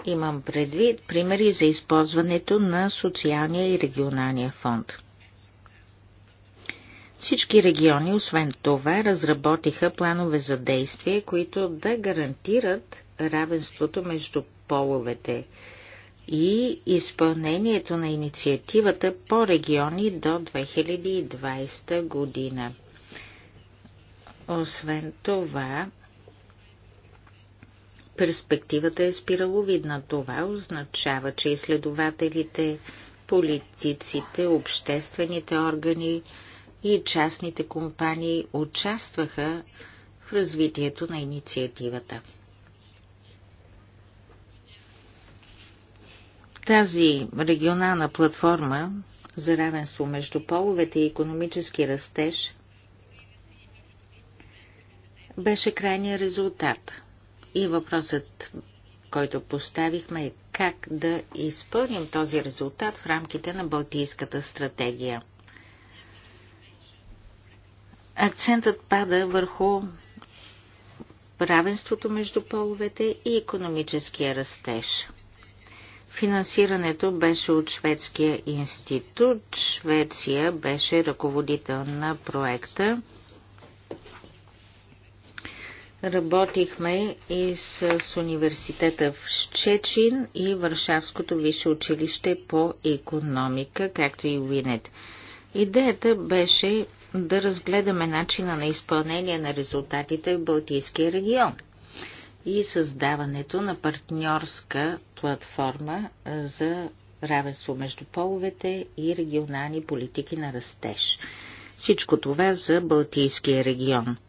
S1: Имам предвид примери за използването на социалния и регионалния фонд. Всички региони, освен това, разработиха планове за действие, които да гарантират равенството между половете и изпълнението на инициативата по региони до 2020 година. Освен това, перспективата е спираловидна. Това означава, че изследователите, политиците, обществените органи и частните компании участваха в развитието на инициативата. Тази регионална платформа за равенство между половете и економически растеж – беше крайният резултат. И въпросът, който поставихме е как да изпълним този резултат в рамките на Балтийската стратегия. Акцентът пада върху равенството между половете и економическия растеж. Финансирането беше от Шведския институт. Швеция беше ръководител на проекта Работихме и с университета в Щечин и Варшавското висше училище по економика, както и Винет. Идеята беше да разгледаме начина на изпълнение на резултатите в Балтийския регион и създаването на партньорска платформа за равенство между половете и регионални политики на растеж. Всичко това за Балтийския регион –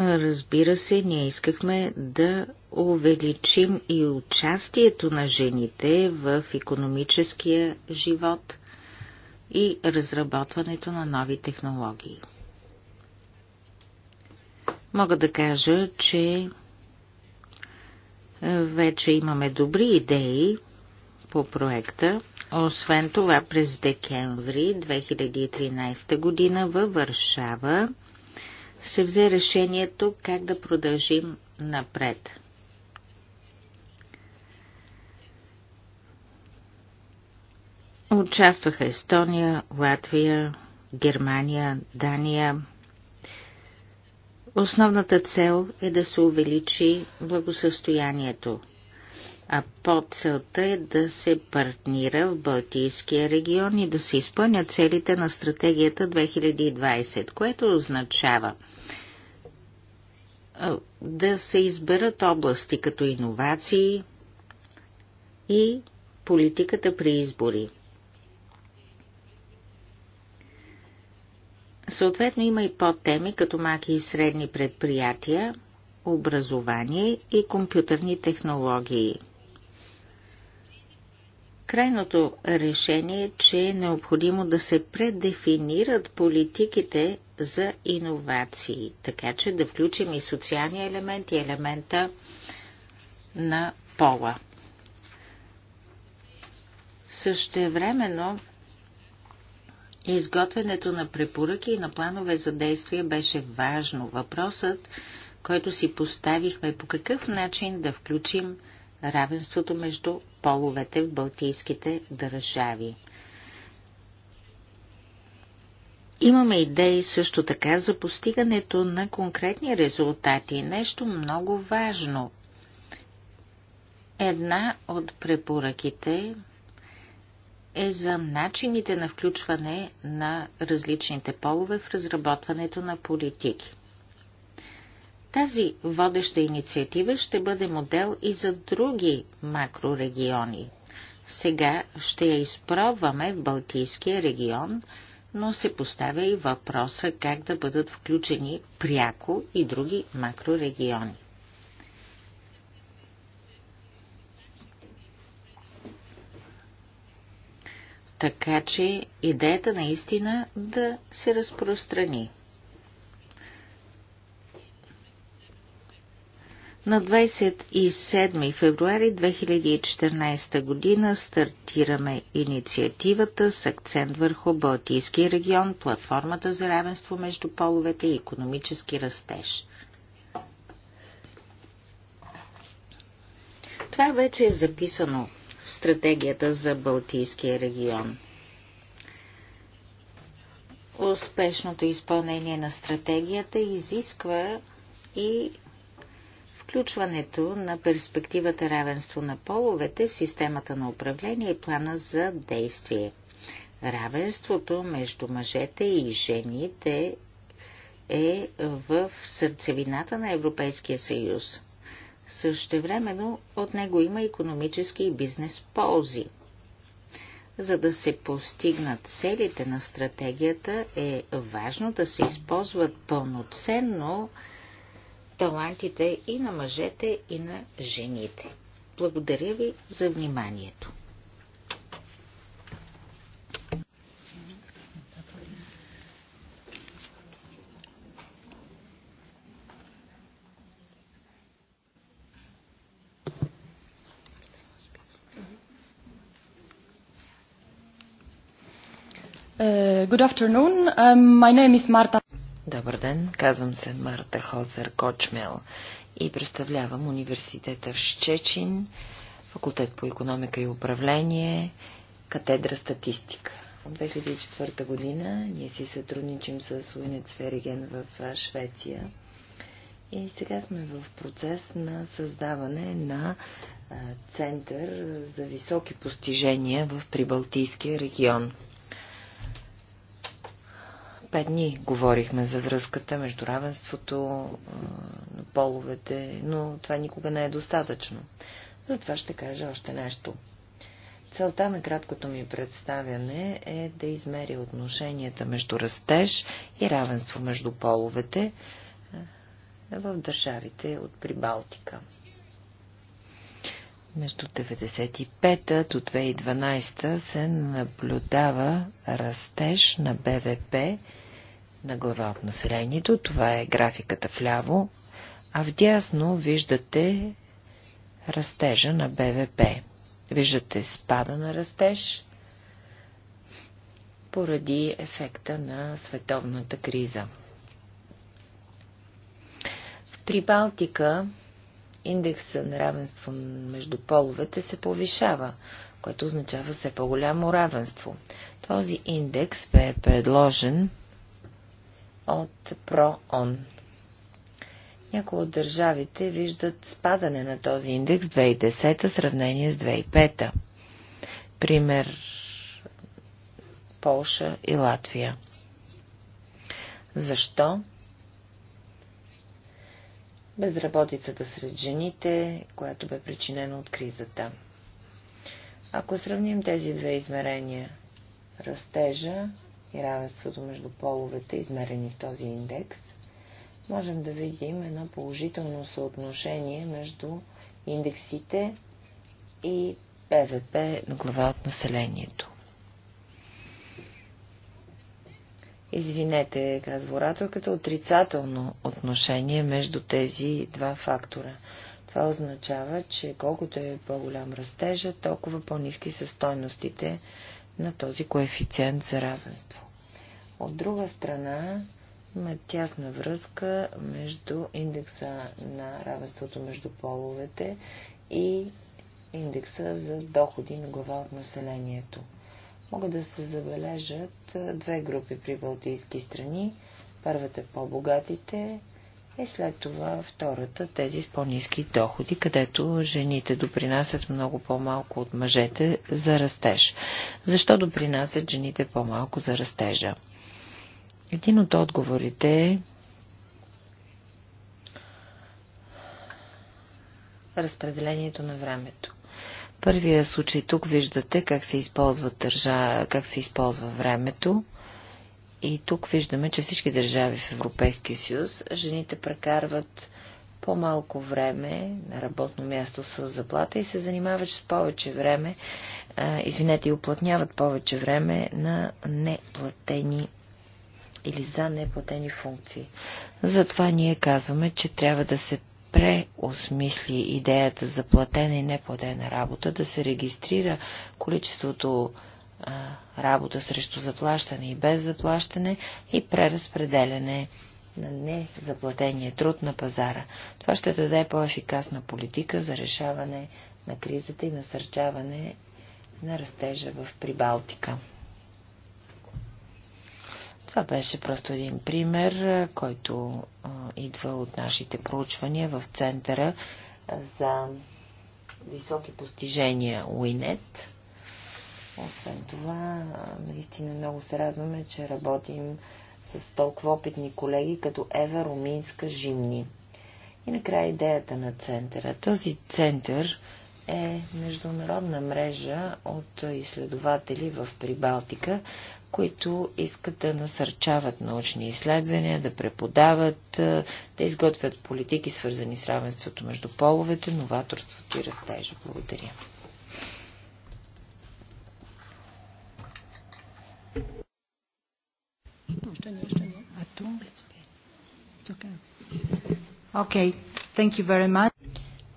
S1: Разбира се, ние искахме да увеличим и участието на жените в економическия живот и разработването на нови технологии. Мога да кажа, че вече имаме добри идеи по проекта. Освен това, през декември 2013 година във Варшава се взе решението как да продължим напред. Участваха Естония, Латвия, Германия, Дания. Основната цел е да се увеличи благосъстоянието – а по-целта е да се партнира в Балтийския регион и да се изпълнят целите на стратегията 2020, което означава да се изберат области като иновации и политиката при избори. Съответно има и подтеми като маки и средни предприятия, образование и компютърни технологии. Крайното решение е, че е необходимо да се предефинират политиките за иновации, така че да включим и социалния елемент и елемента на пола. Същевременно изготвянето на препоръки и на планове за действие беше важно. Въпросът, който си поставихме по какъв начин да включим равенството между половете в балтийските държави. Имаме идеи също така за постигането на конкретни резултати, нещо много важно. Една от препоръките е за начините на включване на различните полове в разработването на политики. Тази водеща инициатива ще бъде модел и за други макрорегиони. Сега ще я изпробваме в Балтийския регион, но се поставя и въпроса как да бъдат включени пряко и други макрорегиони. Така че идеята наистина да се разпространи – На 27 февруари 2014 година стартираме инициативата с акцент върху Балтийския регион, платформата за равенство между половете и економически растеж. Това вече е записано в стратегията за Балтийския регион. Успешното изпълнение на стратегията изисква и включването на перспективата равенство на половете в системата на управление и плана за действие. Равенството между мъжете и жените е в сърцевината на Европейския съюз. Същевременно от него има економически и бизнес ползи. За да се постигнат целите на стратегията е важно да се използват пълноценно талантите и на мъжете, и на жените. Благодаря ви за вниманието.
S2: Uh, good afternoon. Um, my name is Marta. Добър ден, казвам се Марта Хозер Кочмел и представлявам университета в Щечин, факултет по економика и управление, катедра статистика. От 2004 година ние си сътрудничим с Уинец Фериген в Швеция. И сега сме в процес на създаване на център за високи постижения в Прибалтийския регион. Пет дни говорихме за връзката между равенството на половете, но това никога не е достатъчно. Затова ще кажа още нещо. Целта на краткото ми представяне е да измеря отношенията между растеж и равенство между половете в държавите от Прибалтика. Между 1995 до 2012 се наблюдава растеж на БВП на глава от населението. Това е графиката вляво, а вдясно виждате растежа на БВП. Виждате спада на растеж поради ефекта на световната криза. В Прибалтика индекса на равенство между половете се повишава, което означава все по-голямо равенство. Този индекс бе предложен от ПРООН. Някои от държавите виждат спадане на този индекс 2010 в сравнение с 2005. Пример Полша и Латвия. Защо? безработицата сред жените, която бе причинена от кризата. Ако сравним тези две измерения, растежа и равенството между половете, измерени в този индекс, можем да видим едно положително съотношение между индексите и ПВП на глава от населението. извинете, казва ораторката, отрицателно отношение между тези два фактора. Това означава, че колкото е по-голям растежа, толкова по-низки са стойностите на този коефициент за равенство. От друга страна, има тясна връзка между индекса на равенството между половете и индекса за доходи на глава от населението могат да се забележат две групи при балтийски страни. Първата е по-богатите и след това втората, тези с по-низки доходи, където жените допринасят много по-малко от мъжете за растеж. Защо допринасят жените по-малко за растежа? Един от отговорите е разпределението на времето първия случай тук виждате как се, използва държа... как се използва времето. И тук виждаме, че всички държави в Европейския съюз жените прекарват по-малко време на работно място с заплата и се занимават с повече време, извинете, и уплътняват повече време на неплатени или за неплатени функции. Затова ние казваме, че трябва да се преосмисли идеята за платена и неплатена работа, да се регистрира количеството а, работа срещу заплащане и без заплащане и преразпределяне на незаплатения труд на пазара. Това ще даде по-ефикасна политика за решаване на кризата и насърчаване на растежа в Прибалтика. Това беше просто един пример, който идва от нашите проучвания в Центъра за високи постижения Уинет. Освен това, наистина много се радваме, че работим с толкова опитни колеги, като Ева Руминска Жимни. И накрая идеята на центъра. Този център е международна мрежа от изследователи в Прибалтика, които искат да насърчават научни изследвания, да преподават, е, да изготвят политики, свързани с равенството между половете, новаторството и растежа. Благодаря.
S1: Okay. Thank you
S2: very much.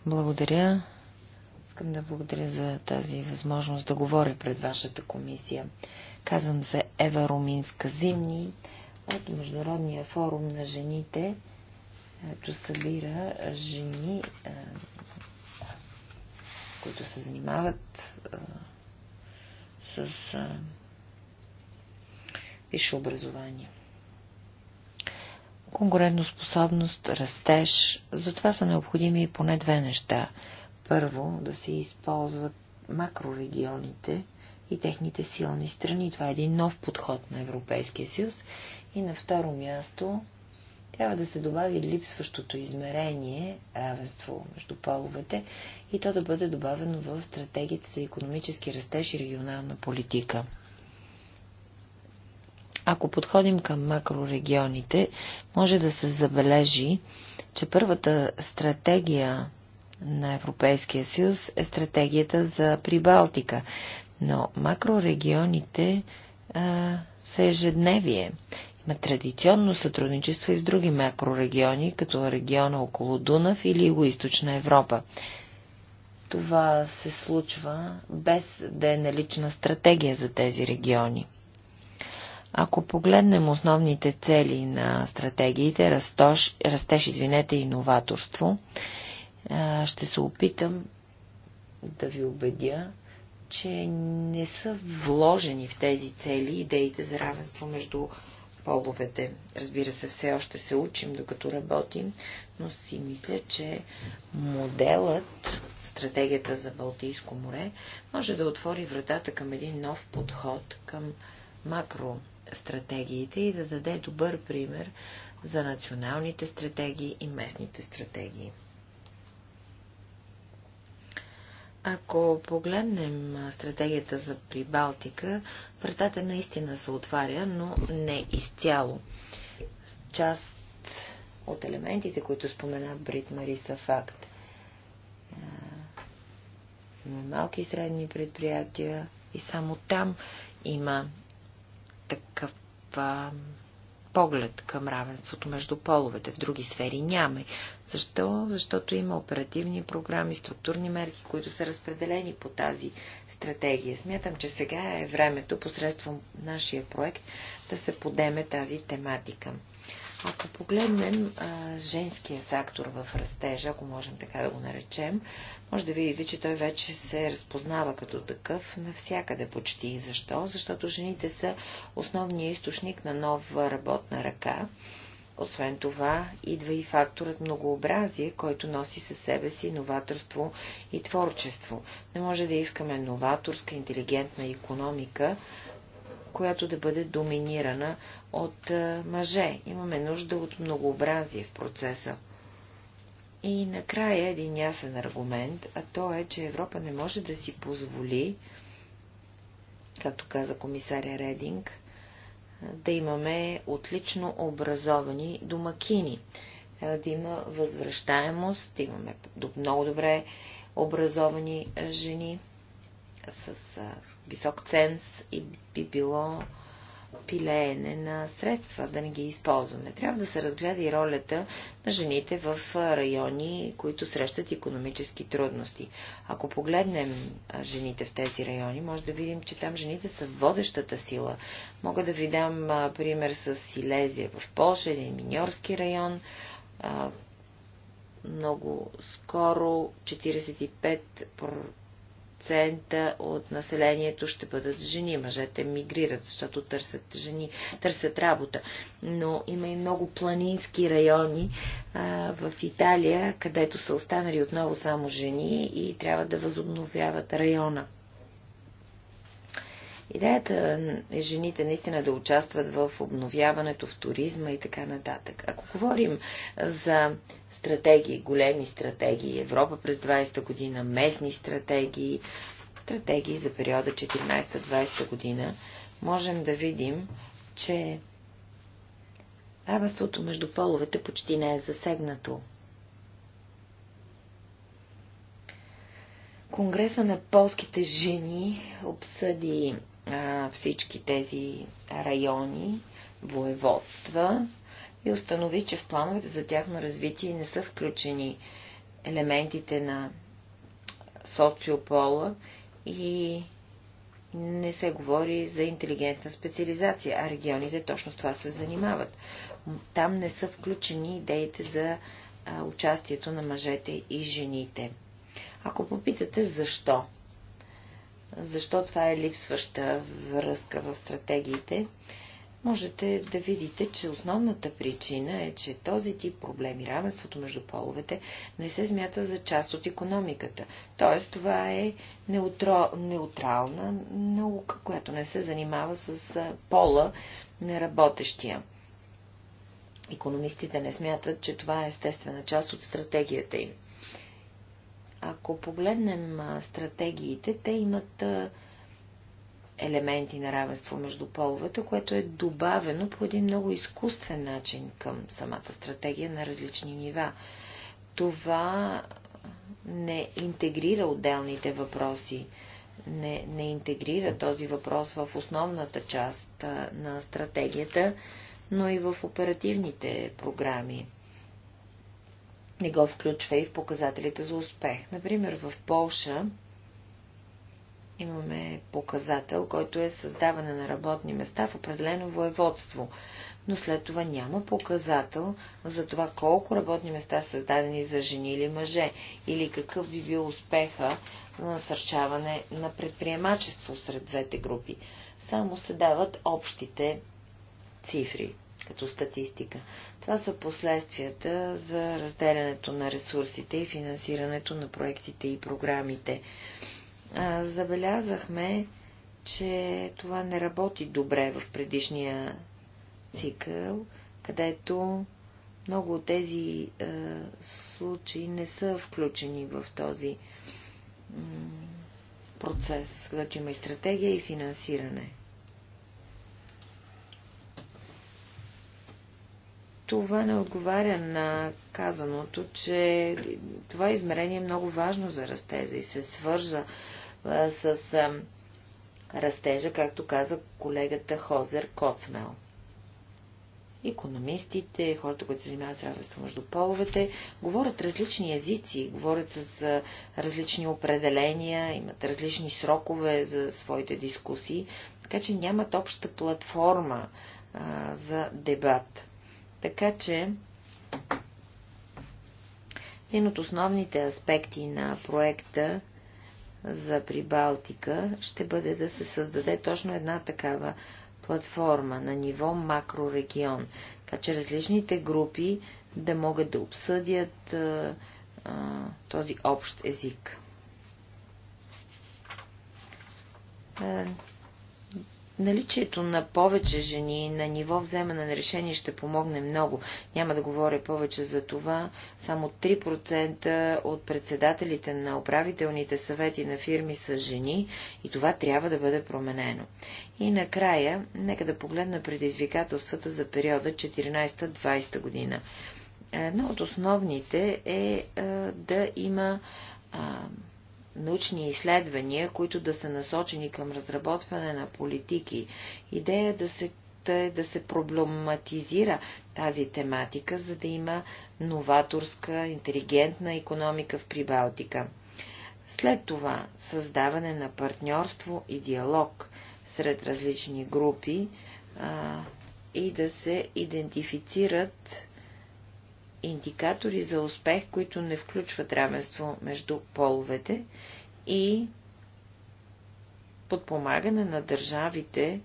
S2: Благодаря. Искам да благодаря за тази възможност да говоря пред вашата комисия. Казвам се Ева Руминска Зимни от Международния форум на жените, който събира жени, които се занимават с висше образование. Конкурентоспособност, растеж, затова са необходими поне две неща. Първо, да се използват макрорегионите – и техните силни страни. Това е един нов подход на Европейския съюз. И на второ място трябва да се добави липсващото измерение, равенство между половете, и то да бъде добавено в стратегията за економически растеж и регионална политика. Ако подходим към макрорегионите, може да се забележи, че първата стратегия на Европейския съюз е стратегията за Прибалтика но макрорегионите а, са ежедневие. Има традиционно сътрудничество и с други макрорегиони, като региона около Дунав или Юго-Источна Европа. Това се случва без да е налична стратегия за тези региони. Ако погледнем основните цели на стратегиите, растош, растеж, извинете, и новаторство, ще се опитам да ви убедя, че не са вложени в тези цели идеите за равенство между половете. Разбира се, все още се учим, докато работим, но си мисля, че моделът, стратегията за Балтийско море, може да отвори вратата към един нов подход към макростратегиите и да даде добър пример за националните стратегии и местните стратегии. Ако погледнем стратегията за Прибалтика, вратата наистина се отваря, но не изцяло. Част от елементите, които спомена Брит Мари, са факт. Има малки и средни предприятия и само там има такъв поглед към равенството между половете. В други сфери нямаме. Защо? Защото има оперативни програми, структурни мерки, които са разпределени по тази стратегия. Смятам, че сега е времето посредством нашия проект да се подеме тази тематика. Ако погледнем а, женския фактор в растежа, ако можем така да го наречем, може да видите, че той вече се разпознава като такъв навсякъде почти. Защо? Защото жените са основния източник на нова работна ръка. Освен това, идва и факторът многообразие, който носи със себе си новаторство и творчество. Не може да искаме новаторска, интелигентна економика, която да бъде доминирана от мъже. Имаме нужда от многообразие в процеса. И накрая един ясен аргумент, а то е, че Европа не може да си позволи, както каза комисаря Рединг, да имаме отлично образовани домакини. Е, да има възвръщаемост, да имаме много добре образовани жени с а, висок ценз и би било пилеене на средства, да не ги използваме. Трябва да се разгледа и ролята на жените в райони, които срещат економически трудности. Ако погледнем жените в тези райони, може да видим, че там жените са водещата сила. Мога да ви дам пример с Силезия в Польша, един миньорски район. Много скоро 45 процента от населението ще бъдат жени. Мъжете мигрират, защото търсят жени, търсят работа. Но има и много планински райони а, в Италия, където са останали отново само жени и трябва да възобновяват района. Идеята е жените наистина да участват в обновяването, в туризма и така нататък. Ако говорим за стратегии, големи стратегии, Европа през 20-та година, местни стратегии, стратегии за периода 14-20 година, можем да видим, че равенството между половете почти не е засегнато. Конгреса на полските жени обсъди всички тези райони, воеводства и установи, че в плановете за тяхно развитие не са включени елементите на социопола и не се говори за интелигентна специализация, а регионите точно с това се занимават. Там не са включени идеите за участието на мъжете и жените. Ако попитате защо, защо това е липсваща връзка в стратегиите, можете да видите, че основната причина е, че този тип проблеми, равенството между половете, не се смята за част от економиката. Тоест, това е неутро, неутрална наука, която не се занимава с пола на работещия. Економистите не смятат, че това е естествена част от стратегията им. Ако погледнем стратегиите, те имат елементи на равенство между половете, което е добавено по един много изкуствен начин към самата стратегия на различни нива. Това не интегрира отделните въпроси, не, не интегрира този въпрос в основната част на стратегията, но и в оперативните програми не го включва и в показателите за успех. Например, в Полша имаме показател, който е създаване на работни места в определено воеводство, но след това няма показател за това колко работни места са създадени за жени или мъже, или какъв би бил успеха на насърчаване на предприемачество сред двете групи. Само се дават общите цифри като статистика. Това са последствията за разделянето на ресурсите и финансирането на проектите и програмите. Забелязахме, че това не работи добре в предишния цикъл, където много от тези е, случаи не са включени в този процес, където има и стратегия и финансиране. Това не отговаря на казаното, че това измерение е много важно за растежа и се свърза а, с а, растежа, както каза колегата Хозер Коцмел. Економистите, хората, които се занимават с равенство между половете, говорят различни езици, говорят с а, различни определения, имат различни срокове за своите дискусии, така че нямат обща платформа а, за дебат. Така че един от основните аспекти на проекта за Прибалтика ще бъде да се създаде точно една такава платформа на ниво макрорегион, така че различните групи да могат да обсъдят а, а, този общ език. Е, Наличието на повече жени на ниво вземане на решение ще помогне много. Няма да говоря повече за това. Само 3% от председателите на управителните съвети на фирми са жени и това трябва да бъде променено. И накрая, нека да погледна предизвикателствата за периода 14-20 година. Едно от основните е, е да има научни изследвания, които да са насочени към разработване на политики. Идея да се е да се проблематизира тази тематика, за да има новаторска, интелигентна економика в Прибалтика. След това създаване на партньорство и диалог сред различни групи а, и да се идентифицират индикатори за успех, които не включват равенство между половете и подпомагане на държавите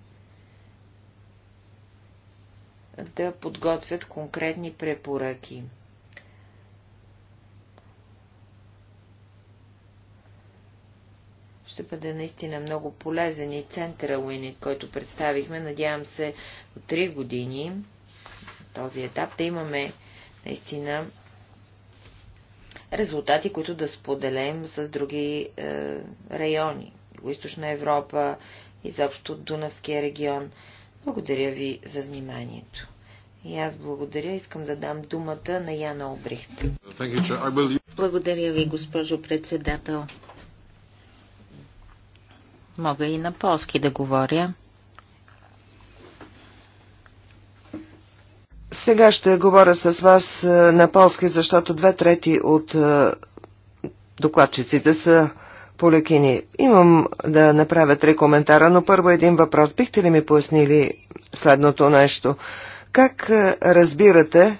S2: да подготвят конкретни препоръки. ще бъде наистина много полезен и центъра Уинит, който представихме. Надявам се от 3 години този етап да имаме наистина резултати, които да споделим с други е, райони. Източна Европа, изобщо Дунавския регион. Благодаря ви за вниманието. И аз благодаря. Искам да дам думата на Яна Обрихт. Благодаря
S1: ви, госпожо председател. Мога и на полски да говоря.
S3: Сега ще говоря с вас е, на полски, защото две трети от е, докладчиците са полекини. Имам да направя три коментара, но първо един въпрос. Бихте ли ми пояснили следното нещо? Как е, разбирате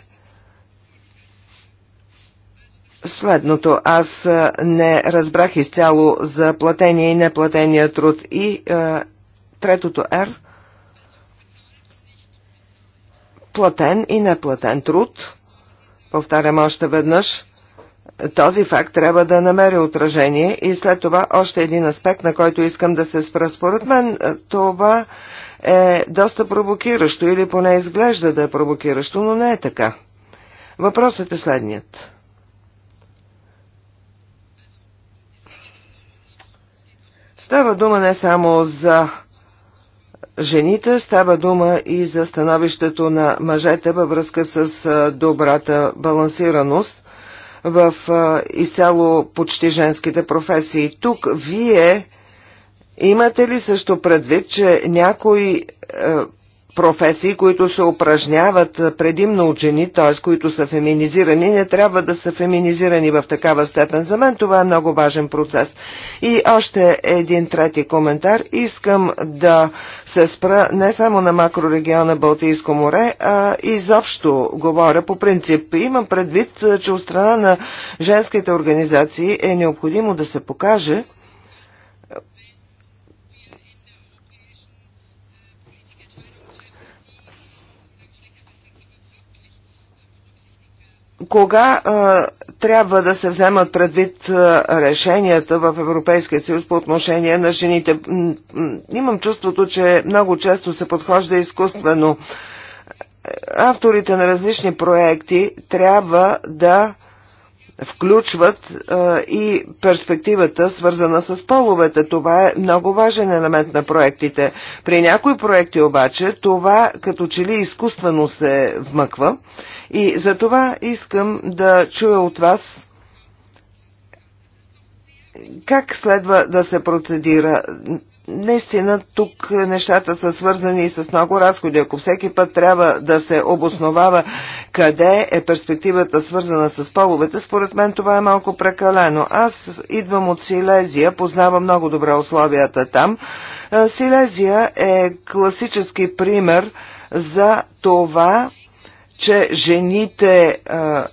S3: следното. Аз не разбрах изцяло за платения и неплатения труд. И е, третото R. платен и неплатен труд. Повтарям още веднъж, този факт трябва да намери отражение и след това още един аспект, на който искам да се спра. Според мен е, това е доста провокиращо или поне изглежда да е провокиращо, но не е така. Въпросът е следният. Става дума не само за жените, става дума и за становището на мъжете във връзка с добрата балансираност в изцяло почти женските професии. Тук вие имате ли също предвид, че някои професии, които се упражняват предимно от жени, т.е. които са феминизирани, не трябва да са феминизирани в такава степен. За мен това е много важен процес. И още един трети коментар. Искам да се спра не само на макрорегиона Балтийско море, а изобщо говоря по принцип. Имам предвид, че от страна на женските организации е необходимо да се покаже, кога а, трябва да се вземат предвид а, решенията в Европейския съюз по отношение на жените? Имам чувството, че много често се подхожда изкуствено. Авторите на различни проекти трябва да а, включват а, е, и перспективата, свързана с половете. Това е много важен елемент на проектите. При някои проекти обаче това като че ли изкуствено се вмъква и за това искам да чуя от вас как следва да се процедира наистина тук нещата са свързани и с много разходи. Ако всеки път трябва да се обосновава къде е перспективата свързана с половете, според мен това е малко прекалено. Аз идвам от Силезия, познавам много добре условията там. Е, Силезия е класически пример за това, че жените а, е,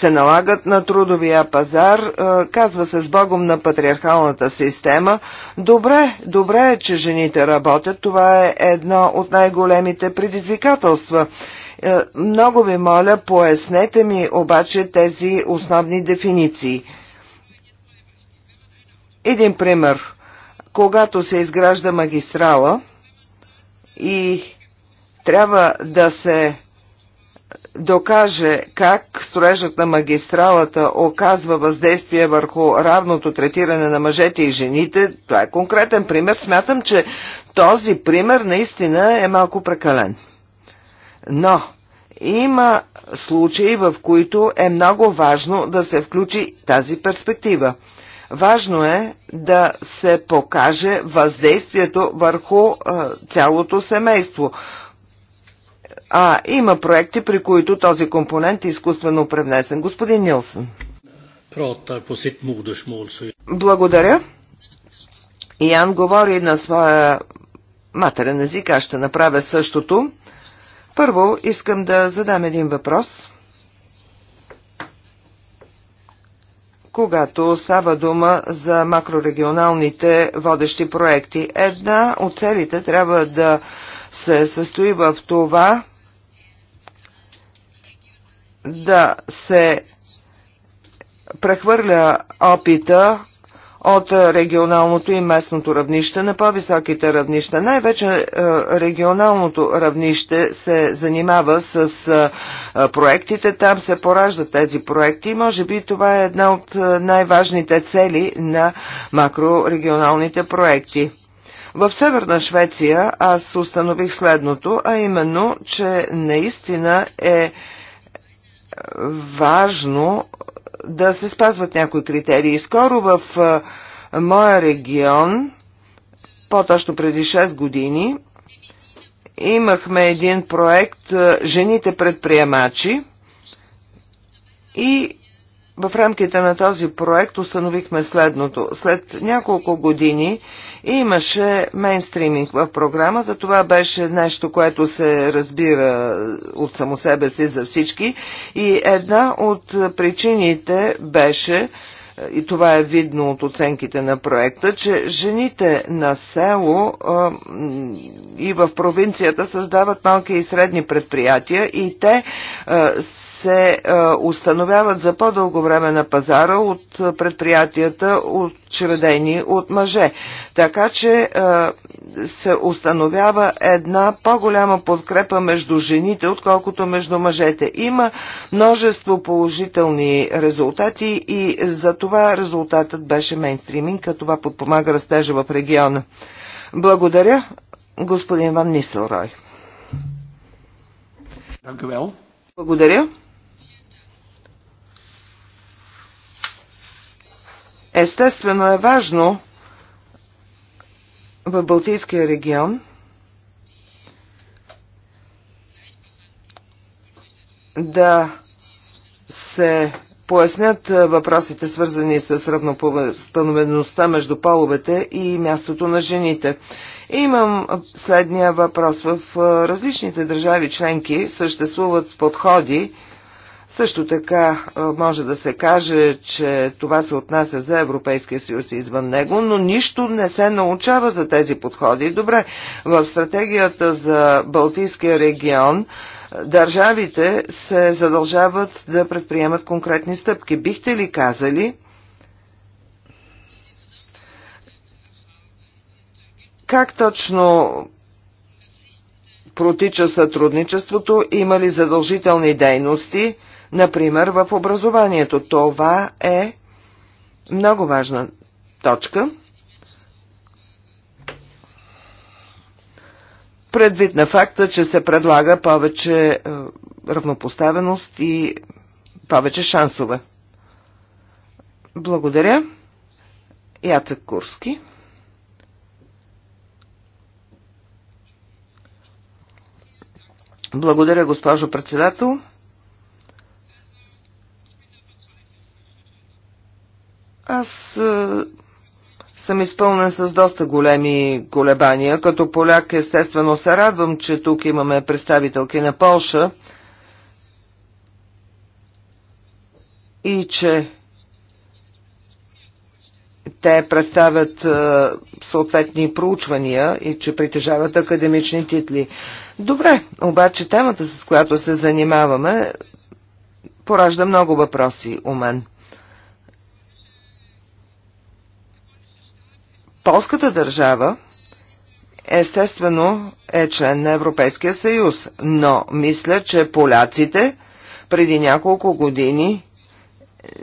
S3: се налагат на трудовия пазар, е, казва се с богом на патриархалната система. Добре, добре е, че жените работят, това е едно от най-големите предизвикателства. Е, много ви моля, пояснете ми обаче тези основни дефиниции. Един пример. Когато се изгражда магистрала и трябва да се докаже как строежът на магистралата оказва въздействие върху равното третиране на мъжете и жените, това е конкретен пример. Смятам, че този пример наистина е малко прекален. Но има случаи, в които е много важно да се включи тази перспектива. Важно е да се покаже въздействието върху е, цялото семейство а има проекти, при които този компонент е изкуствено превнесен. Господин Нилсън. Благодаря. Ян говори на своя матерен език, аз ще направя същото. Първо искам да задам един въпрос. когато става дума за макрорегионалните водещи проекти. Една от целите трябва да се състои в това да се прехвърля опита от регионалното и местното равнище на по-високите равнища. Най-вече е, регионалното равнище се занимава с е, проектите, там се пораждат тези проекти и може би това е една от е, най-важните цели на макрорегионалните проекти. В Северна Швеция аз установих следното, а именно, че наистина е важно да се спазват някои критерии. Скоро в моя регион, по-точно преди 6 години, имахме един проект Жените предприемачи и в рамките на този проект установихме следното. След няколко години имаше мейнстриминг в програмата. Това беше нещо, което се разбира от само себе си за всички. И една от причините беше, и това е видно от оценките на проекта, че жените на село а, и в провинцията създават малки и средни предприятия и те а, се е, установяват за по-дълго време на пазара от предприятията, учредени от мъже. Така че е, се установява една по-голяма подкрепа между жените, отколкото между мъжете. Има множество положителни резултати и за това резултатът беше мейнстриминг, като това подпомага растежа в региона. Благодаря, господин Ван Нисълрой. Благодаря. Естествено е важно в Балтийския регион да се пояснят въпросите свързани с равнопостановеността между половете и мястото на жените. Имам следния въпрос. В различните държави членки съществуват подходи, също така може да се каже, че това се отнася за Европейския съюз и извън него, но нищо не се научава за тези подходи. Добре, в стратегията за Балтийския регион държавите се задължават да предприемат конкретни стъпки. Бихте ли казали как точно протича сътрудничеството, има ли задължителни дейности – например в образованието. Това е много важна точка. Предвид на факта, че се предлага повече е, равнопоставеност и повече шансове. Благодаря. Яцек Курски. Благодаря, госпожо председател. Аз е, съм изпълнен с доста големи колебания. Като поляк естествено се радвам, че тук имаме представителки на Полша и че те представят а, е, съответни проучвания и че притежават академични титли. Добре, обаче темата, с която се занимаваме, поражда много въпроси у мен. Полската държава естествено е член на Европейския съюз, но мисля, че поляците преди няколко години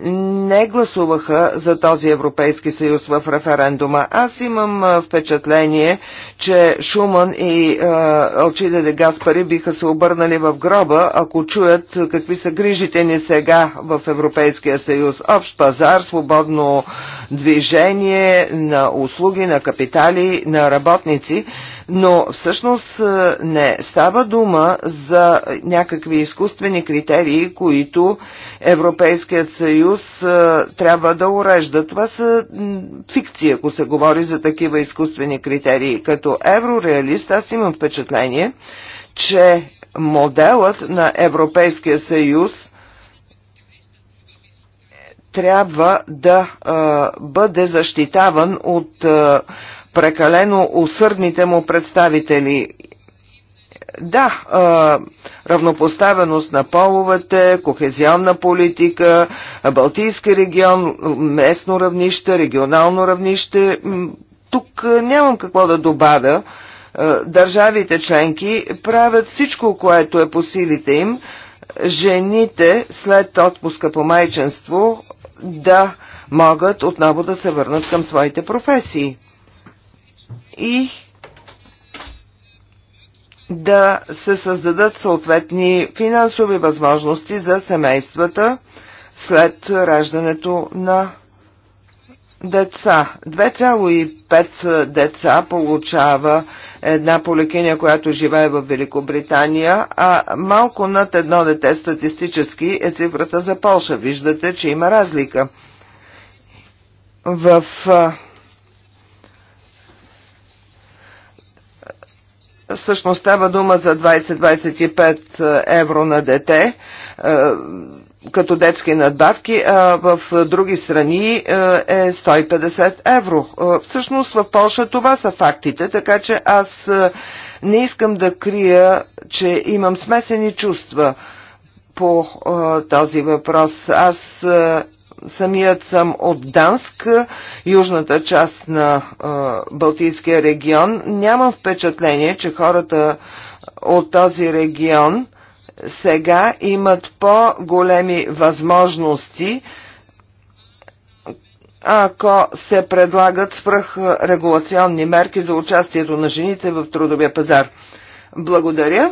S3: не гласуваха за този Европейски съюз в референдума. Аз имам впечатление, че Шуман и Алчиде де Гаспари биха се обърнали в гроба, ако чуят какви са грижите ни сега в Европейския съюз. Общ пазар, свободно движение на услуги, на капитали, на работници но всъщност е, не става дума за някакви изкуствени критерии, които Европейският съюз е, трябва да урежда. Това са фикции, ако се говори за такива изкуствени критерии. Като еврореалист аз имам впечатление, че моделът на Европейския съюз трябва да а, е, бъде защитаван от а, прекалено усърдните му представители. Да, равнопоставеност на половете, кохезионна политика, Балтийски регион, местно равнище, регионално равнище. Тук нямам какво да добавя. Държавите членки правят всичко, което е по силите им. Жените след отпуска по майченство да могат отново да се върнат към своите професии и да се създадат съответни финансови възможности за семействата след раждането на деца. 2,5 деца получава една поликиня, която живее в Великобритания, а малко над едно дете статистически е цифрата за Полша. Виждате, че има разлика. В Всъщност става дума за 20-25 е, евро на дете е, като детски надбавки, а в други страни е 150 е евро. Всъщност в Польша това са фактите, така че аз не искам да крия, че имам смесени чувства по този въпрос. Аз самият съм от Данск, южната част на Балтийския регион. Нямам впечатление, че хората от този регион сега имат по-големи възможности, ако се предлагат свръхрегулационни мерки за участието на жените в трудовия пазар. Благодаря.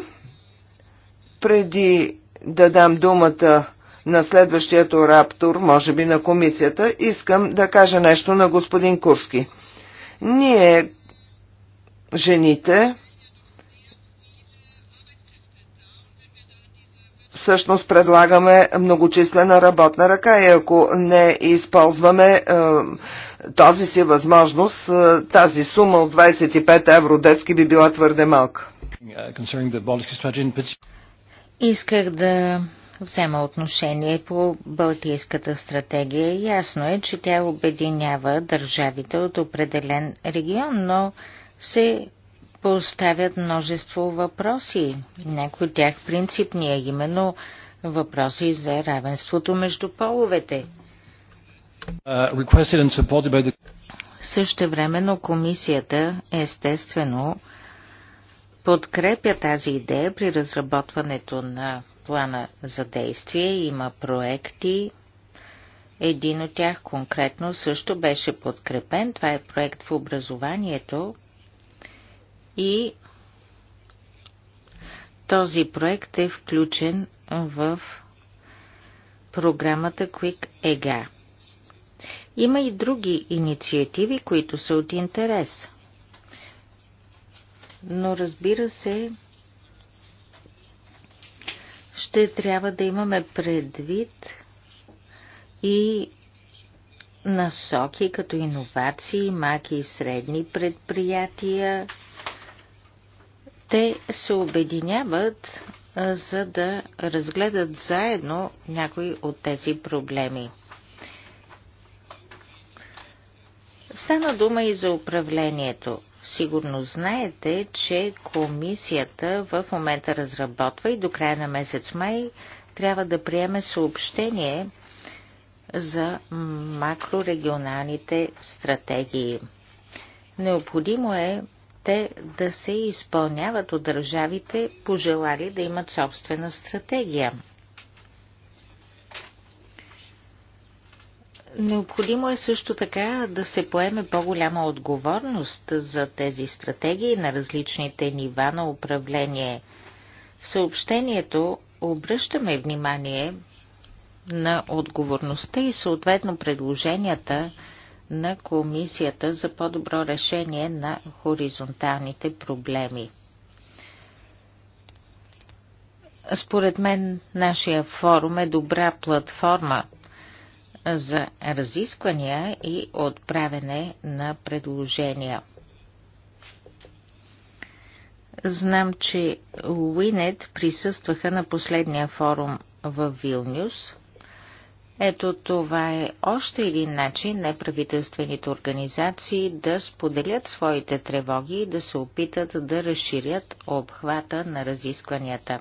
S3: Преди да дам думата на следващия раптор, може би на комисията, искам да кажа нещо на господин Курски. Ние, жените, всъщност предлагаме многочислена работна ръка и ако не използваме е, тази си възможност, е, тази сума от 25 евро детски би била твърде малка.
S1: Исках да взема отношение по Балтийската стратегия. Ясно е, че тя обединява държавите от определен регион, но се поставят множество въпроси, някои от тях принципни, а именно въпроси за равенството между половете. Uh, времено комисията естествено подкрепя тази идея при разработването на плана за действие има проекти. Един от тях конкретно също беше подкрепен. Това е проект в образованието и този проект е включен в програмата Quick EGA. Има и други инициативи, които са от интерес. Но разбира се, ще трябва да имаме предвид и насоки като иновации, маки и средни предприятия. Те се обединяват, за да разгледат заедно някои от тези проблеми. Стана дума и за управлението. Сигурно знаете, че комисията в момента разработва и до края на месец май трябва да приеме съобщение за макрорегионалните стратегии. Необходимо е те да се изпълняват от държавите, пожелали да имат собствена стратегия. Необходимо е също така да се поеме по-голяма отговорност за тези стратегии на различните нива на управление. В съобщението обръщаме внимание на отговорността и съответно предложенията на Комисията за по-добро решение на хоризонталните проблеми. Според мен нашия форум е добра платформа за разисквания и отправяне на предложения. Знам, че Уинет присъстваха на последния форум в Вилнюс. Ето това е още един начин неправителствените организации да споделят своите тревоги и да се опитат да разширят обхвата на разискванията.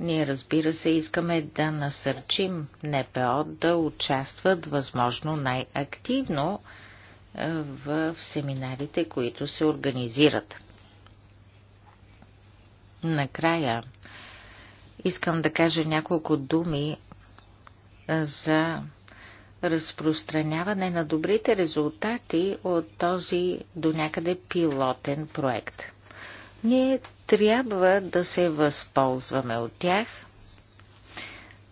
S1: Ние, разбира се, искаме да насърчим НПО да участват възможно най-активно е, в семинарите, които се организират. Накрая искам да кажа няколко думи е, за разпространяване на добрите резултати от този до някъде пилотен проект – ние трябва да се възползваме от тях,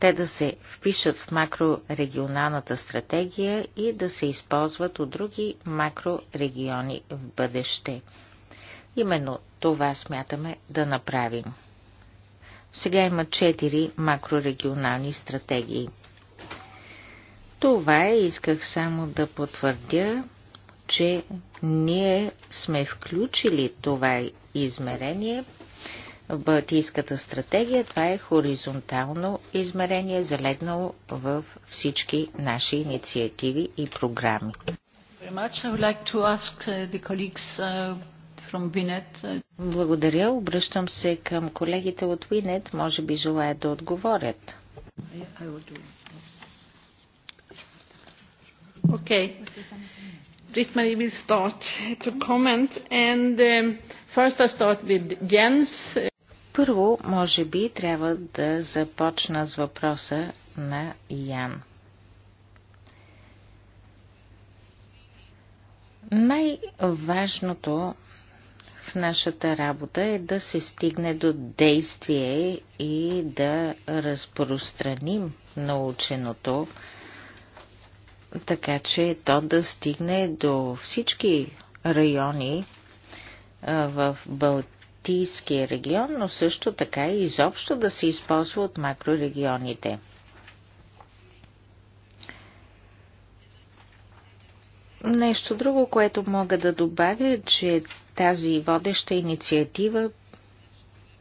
S1: те да се впишат в макрорегионалната стратегия и да се използват от други макрорегиони в бъдеще. Именно това смятаме да направим. Сега има четири макрорегионални стратегии. Това е, исках само да потвърдя че ние сме включили това измерение в Балтийската стратегия. Това е хоризонтално измерение, залегнало в всички наши инициативи и програми. Uh, uh, uh, Благодаря. Обръщам се към колегите от Винет. Може би желаят да отговорят. Okay. Britt-Marie will start to comment and um, first I start with Jens. Първо, може би, трябва да започна с въпроса на Ян. Най-важното в нашата работа е да се стигне до действие и да разпространим наученото, така че то да стигне до всички райони в Балтийския регион, но също така и изобщо да се използва от макрорегионите. Нещо друго, което мога да добавя, е, че тази водеща инициатива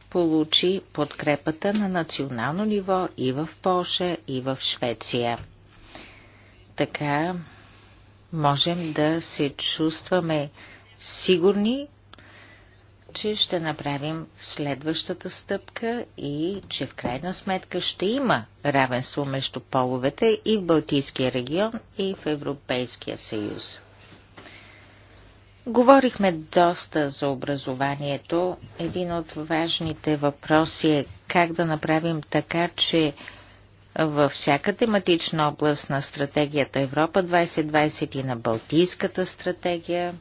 S1: получи подкрепата на национално ниво и в Польша, и в Швеция така можем да се чувстваме сигурни, че ще направим следващата стъпка и че в крайна сметка ще има равенство между половете и в Балтийския регион, и в Европейския съюз. Говорихме доста за образованието. Един от важните въпроси е как да направим така, че във всяка тематична област на стратегията Европа 2020 и на Балтийската стратегия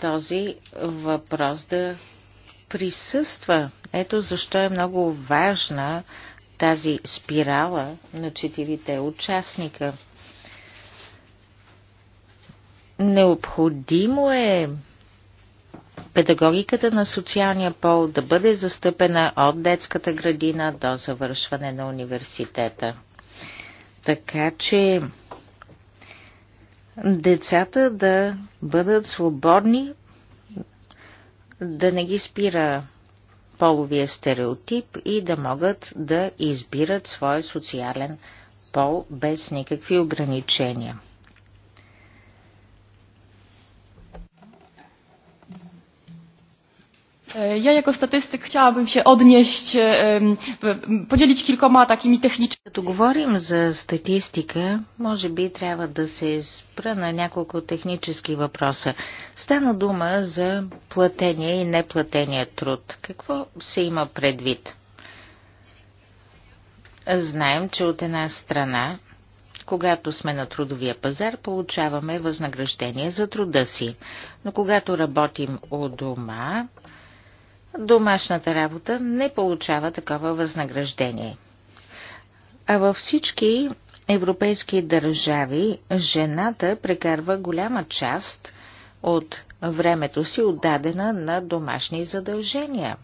S1: този въпрос да присъства. Ето защо е много важна тази спирала на четирите участника. Необходимо е педагогиката на социалния пол да бъде застъпена от детската градина до завършване на университета. Така че децата да бъдат свободни, да не ги спира половия стереотип и да могат да избират своя социален пол без никакви ограничения.
S2: E, ja jako statystyk chciałabym się odnieść,
S1: e, podzielić kilkoma takimi technicznymi. Като говорим за статистика, може би трябва да се спра на няколко технически въпроса. Стана дума за платения и неплатения труд. Какво се има предвид? Знаем, че от една страна, когато сме на трудовия пазар, получаваме възнаграждение за труда си. Но когато работим у дома, домашната работа не получава такова възнаграждение. А във всички европейски държави жената прекарва голяма част от времето си отдадена на домашни задължения.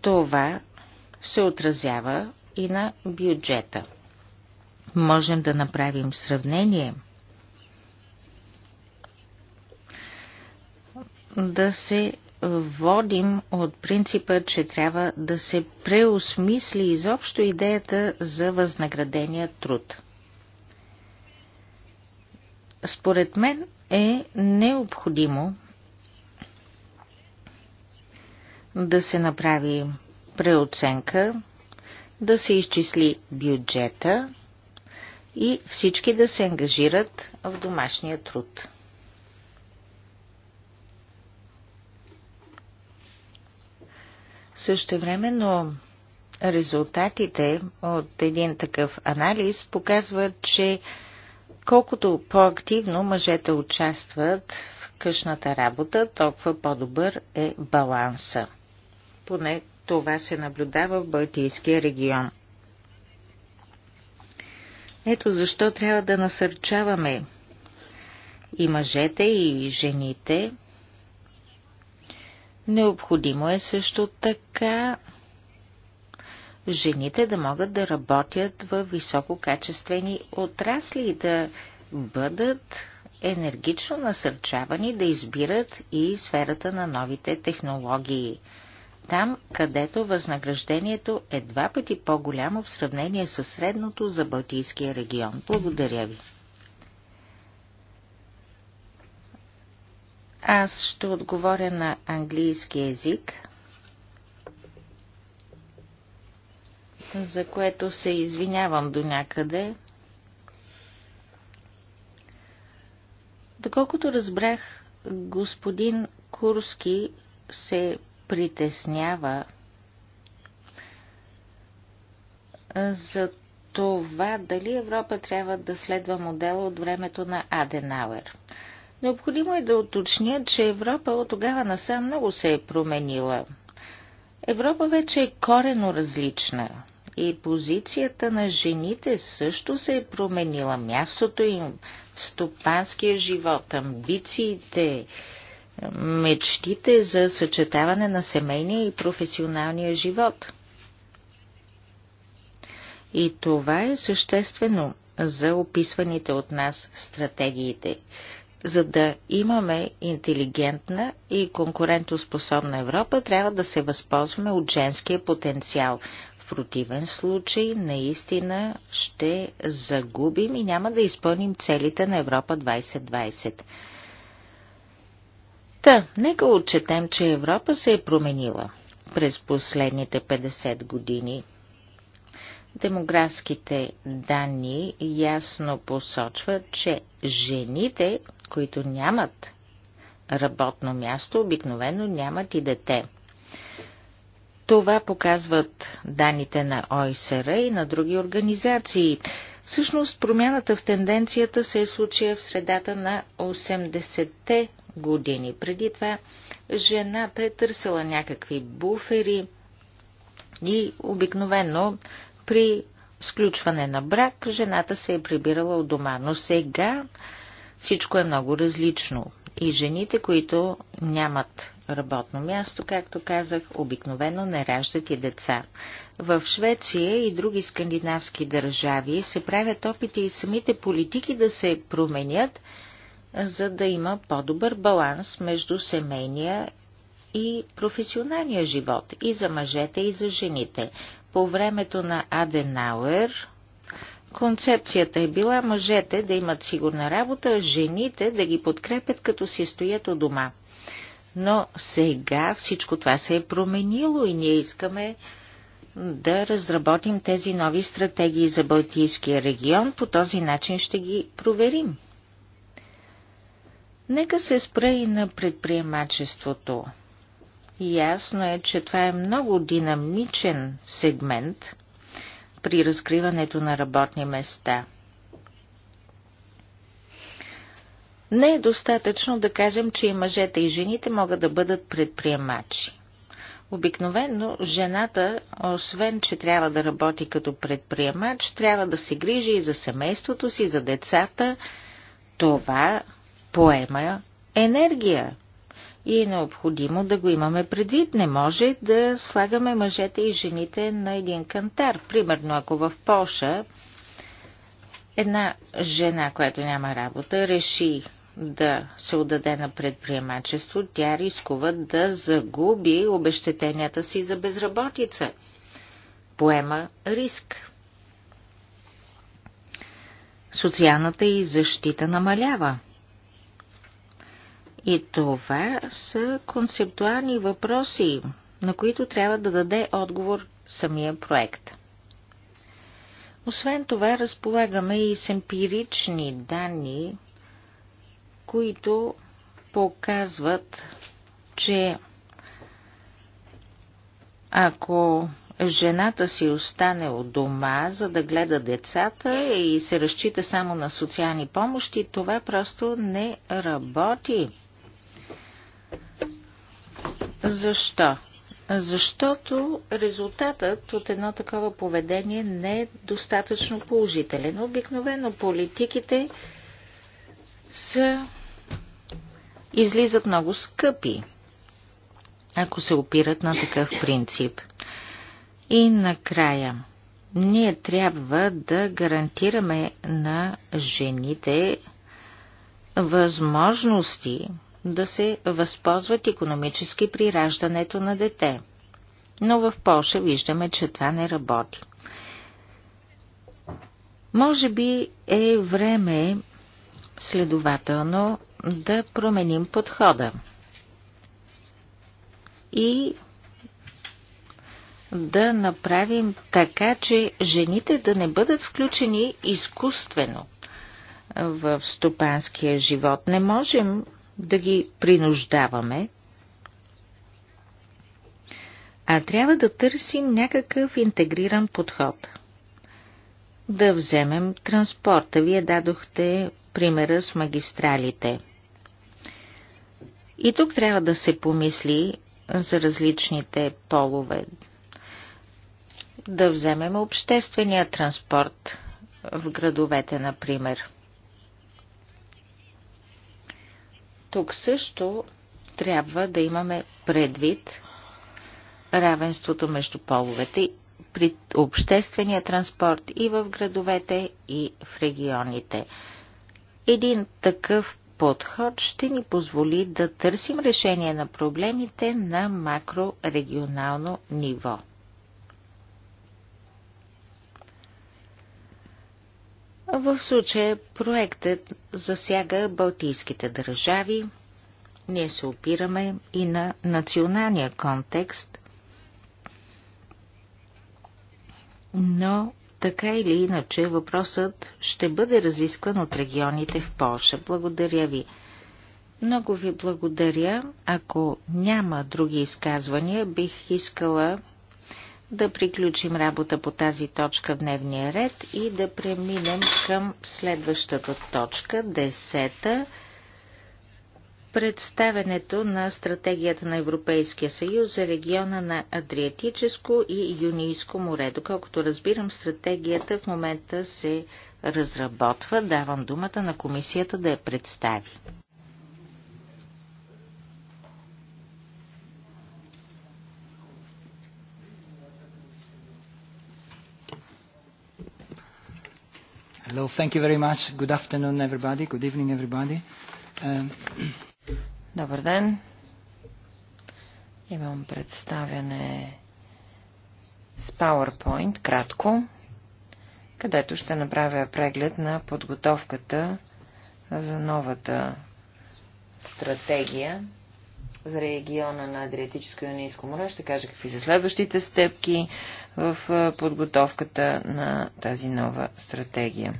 S1: Това се отразява и на бюджета. Можем да направим сравнение – да се водим от принципа, че трябва да се преосмисли изобщо идеята за възнаградения труд. Според мен е необходимо да се направи преоценка, да се изчисли бюджета и всички да се ангажират в домашния труд. Същевременно резултатите от един такъв анализ показват, че колкото по-активно мъжете участват в къщната работа, толкова по-добър е баланса. Поне това се наблюдава в Балтийския регион. Ето защо трябва да насърчаваме и мъжете, и жените – Необходимо е също така жените да могат да работят в висококачествени отрасли и да бъдат енергично насърчавани да избират и сферата на новите технологии. Там, където възнаграждението е два пъти по-голямо в сравнение с средното за Балтийския регион. Благодаря ви. Аз ще отговоря на английски език, за което се извинявам до някъде. Доколкото разбрах, господин Курски се притеснява за това дали Европа трябва да следва модела от времето на Аденауер – Необходимо е да уточня, че Европа от тогава насам много се е променила. Европа вече е корено различна и позицията на жените също се е променила. Мястото им в стопанския живот, амбициите, мечтите за съчетаване на семейния и професионалния живот. И това е съществено за описваните от нас стратегиите. За да имаме интелигентна и конкурентоспособна Европа, трябва да се възползваме от женския потенциал. В противен случай, наистина ще загубим и няма да изпълним целите на Европа 2020. Та, нека отчетем, че Европа се е променила през последните 50 години. Демографските данни ясно посочват, че жените които нямат работно място, обикновено нямат и дете. Това показват данните на ОИСР и на други организации. Всъщност промяната в тенденцията се е случила в средата на 80-те години. Преди това жената е търсила някакви буфери и обикновено при сключване на брак жената се е прибирала от дома. Но сега всичко е много различно. И жените, които нямат работно място, както казах, обикновено не раждат и деца. В Швеция и други скандинавски държави се правят опити и самите политики да се променят, за да има по-добър баланс между семейния и професионалния живот и за мъжете и за жените. По времето на Аденауер Концепцията е била мъжете да имат сигурна работа, жените да ги подкрепят като си стоят у дома. Но сега всичко това се е променило и ние искаме да разработим тези нови стратегии за Балтийския регион. По този начин ще ги проверим. Нека се спра и на предприемачеството. Ясно е, че това е много динамичен сегмент – при разкриването на работни места. Не е достатъчно да кажем, че и мъжете и жените могат да бъдат предприемачи. Обикновено жената, освен че трябва да работи като предприемач, трябва да се грижи и за семейството си, за децата. Това поема енергия и е необходимо да го имаме предвид. Не може да слагаме мъжете и жените на един кантар. Примерно, ако в Польша една жена, която няма работа, реши да се отдаде на предприемачество, тя рискува да загуби обещетенията си за безработица. Поема риск. Социалната и защита намалява. И това са концептуални въпроси, на които трябва да даде отговор самия проект. Освен това, разполагаме и с емпирични данни, които показват, че ако жената си остане от дома, за да гледа децата и се разчита само на социални помощи, това просто не работи. Защо? Защото резултатът от едно такова поведение не е достатъчно положителен. Обикновено политиките са излизат много скъпи, ако се опират на такъв принцип. И накрая, ние трябва да гарантираме на жените възможности да се възползват економически при раждането на дете. Но в Польша виждаме, че това не работи. Може би е време, следователно, да променим подхода и да направим така, че жените да не бъдат включени изкуствено в стопанския живот. Не можем да ги принуждаваме, а трябва да търсим някакъв интегриран подход. Да вземем транспорта. Вие дадохте примера с магистралите. И тук трябва да се помисли за различните полове. Да вземем обществения транспорт в градовете, например. Тук също трябва да имаме предвид равенството между половете при обществения транспорт и в градовете, и в регионите. Един такъв подход ще ни позволи да търсим решение на проблемите на макрорегионално ниво. В случая проектът засяга балтийските държави. Ние се опираме и на националния контекст, но така или иначе въпросът ще бъде разискван от регионите в Польша. Благодаря ви. Много ви благодаря. Ако няма други изказвания, бих искала да приключим работа по тази точка в дневния ред и да преминем към следващата точка, десета. Представенето на стратегията на Европейския съюз за региона на Адриатическо и Юнийско море. Доколкото разбирам, стратегията в момента се разработва. Давам думата на комисията да я представи.
S3: Hello, thank you very much. Good afternoon, everybody. Good evening, everybody. Um,
S2: Добър ден. Имам представяне с PowerPoint, кратко, където ще направя преглед на подготовката за новата стратегия за региона на Адриатическо и Юнийско море. Ще кажа какви са следващите стъпки в подготовката на тази нова стратегия.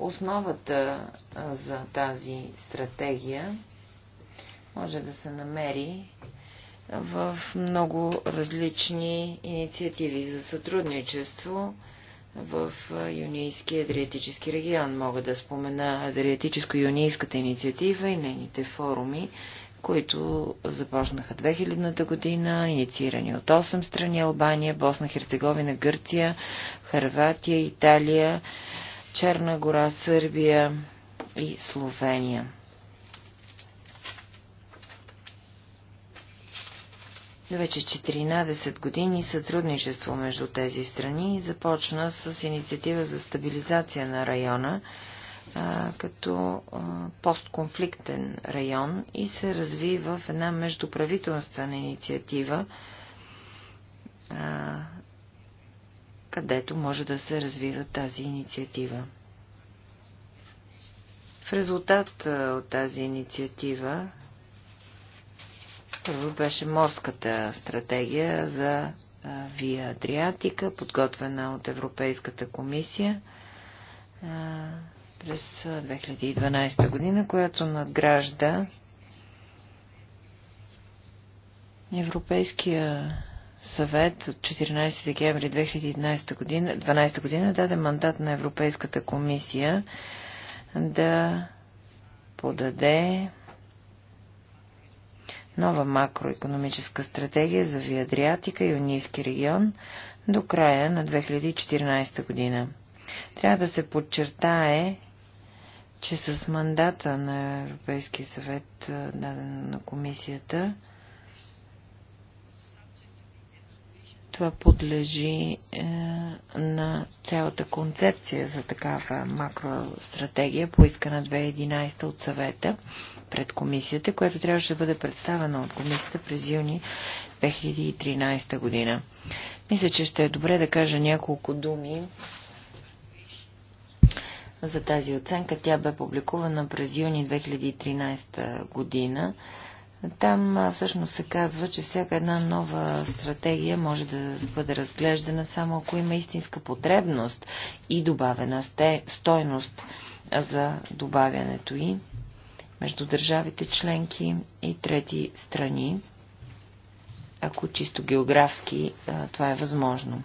S2: Основата за тази стратегия може да се намери в много различни инициативи за сътрудничество в Юнийския Адриатически регион. Мога да спомена Адриатическо-юнийската инициатива и нейните форуми, които започнаха 2000-та година, инициирани от 8 страни Албания, Босна, Херцеговина, Гърция, Харватия, Италия, Черна гора, Сърбия и Словения. Вече 14 години сътрудничество между тези страни започна с инициатива за стабилизация на района като постконфликтен район и се разви в една междуправителствена инициатива където може да се развива тази инициатива. В резултат от тази инициатива първо беше морската стратегия за Вия Адриатика, подготвена от Европейската комисия през 2012 година, която надгражда Европейския съвет от 14 декември 2011 година, 12 година даде мандат на Европейската комисия да подаде нова макроекономическа стратегия за Виадриатика и Унийски регион до края на 2014 година. Трябва да се подчертае, че с мандата на Европейския съвет, даден на комисията, това подлежи е, на цялата концепция за такава макростратегия, поискана 2011 от съвета пред комисията, която трябваше да бъде представена от комисията през юни 2013 година. Мисля, че ще е добре да кажа няколко думи за тази оценка. Тя бе публикувана през юни 2013 година там всъщност се казва, че всяка една нова стратегия може да бъде разглеждана само ако има истинска потребност и добавена стойност за добавянето й между държавите членки и трети страни, ако чисто географски това е възможно.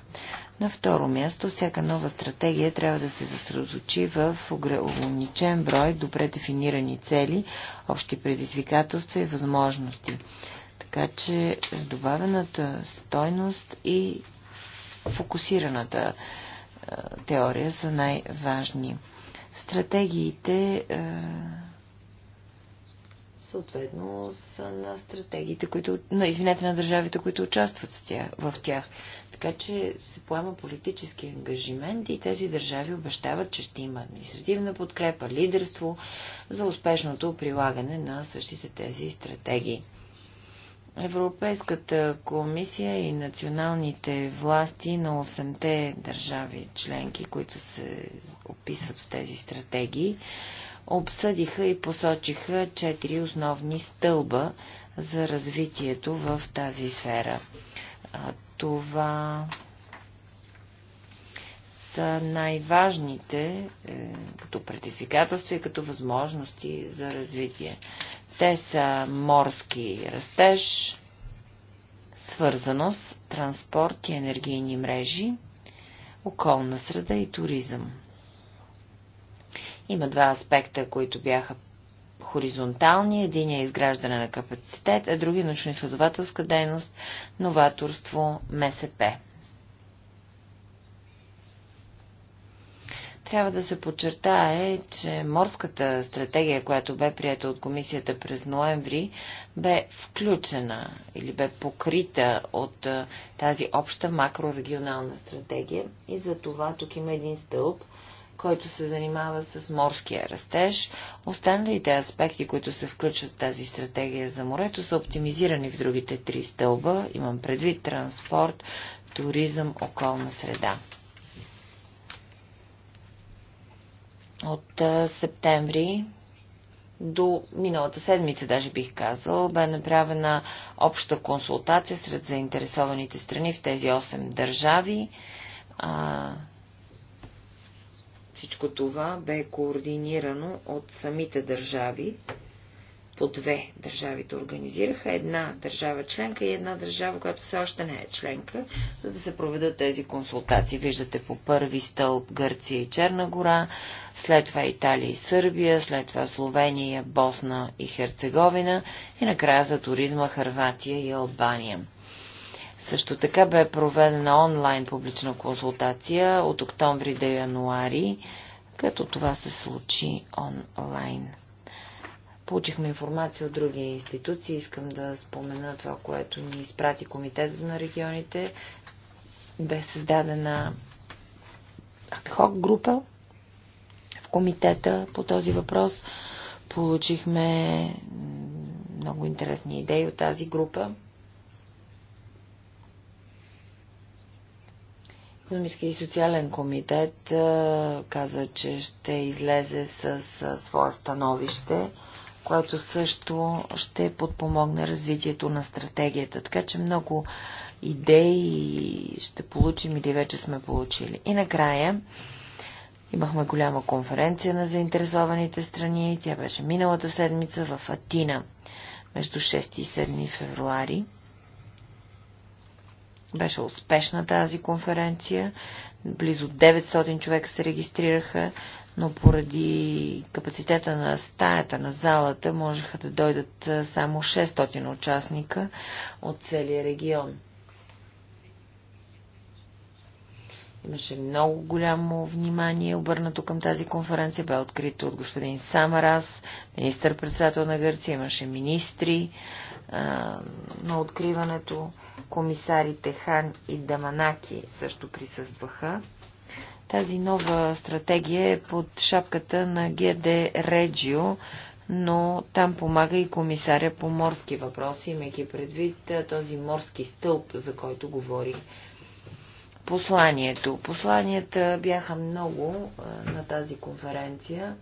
S2: На второ място, всяка нова стратегия трябва да се съсредоточи в ограничен брой добре дефинирани цели, общи предизвикателства и възможности. Така че добавената стойност и фокусираната теория са най-важни. Стратегиите съответно са на стратегиите, които, на, извинете, на държавите, които участват тях, в тях. Така че се поема политически ангажимент и тези държави обещават, че ще има административна подкрепа, лидерство за успешното прилагане на същите тези стратегии. Европейската комисия и националните власти на 8-те държави членки, които се описват в тези стратегии, обсъдиха и посочиха четири основни стълба за развитието в тази сфера. Това са най-важните е, като предизвикателства и като възможности за развитие. Те са морски растеж, свързаност, транспорт и енергийни мрежи, околна среда и туризъм. Има два аспекта, които бяха хоризонтални. Един е изграждане на капацитет, а други е научно-изследователска дейност, новаторство, МСП. Трябва да се подчертае, че морската стратегия, която бе прията от комисията през ноември, бе включена или бе покрита от тази обща макрорегионална стратегия и за това тук има един стълб – който се занимава с морския растеж. Останалите аспекти, които се включват в тази стратегия за морето, са оптимизирани в другите три стълба. Имам предвид транспорт, туризъм, околна среда. От септември до миналата седмица, даже бих казал, бе направена обща консултация сред заинтересованите страни в тези 8 държави всичко това бе координирано от самите държави. По две държавите организираха една държава членка и една държава, която все още не е членка, за да се проведат тези консултации. Виждате по първи стълб Гърция и Черна гора, след това Италия и Сърбия, след това Словения, Босна и Херцеговина и накрая за туризма Харватия и Албания. Също така бе проведена онлайн публична консултация от октомври до януари, като това се случи онлайн. Получихме информация от други институции. Искам да спомена това, което ни изпрати Комитета на регионите. Бе създадена адхок група в комитета по този въпрос. Получихме много интересни идеи от тази група. Економически и социален комитет каза, че ще излезе с свое становище, което също ще подпомогне развитието на стратегията. Така че много идеи ще получим или вече сме получили. И накрая имахме голяма конференция на заинтересованите страни. Тя беше миналата седмица в Атина между 6 и 7 февруари. Беше успешна тази конференция. Близо 900 човека се регистрираха, но поради капацитета на стаята, на залата, можеха да дойдат само 600 участника от целия регион. Имаше много голямо внимание обърнато към тази конференция. Бе открита от господин Самарас, министър-председател на Гърция. Имаше министри а, на откриването комисарите Хан и Даманаки също присъстваха. Тази нова стратегия е под шапката на ГД Реджио, но там помага и комисаря по морски въпроси, имайки предвид този морски стълб, за който говорих посланието. Посланията бяха много на тази конференция.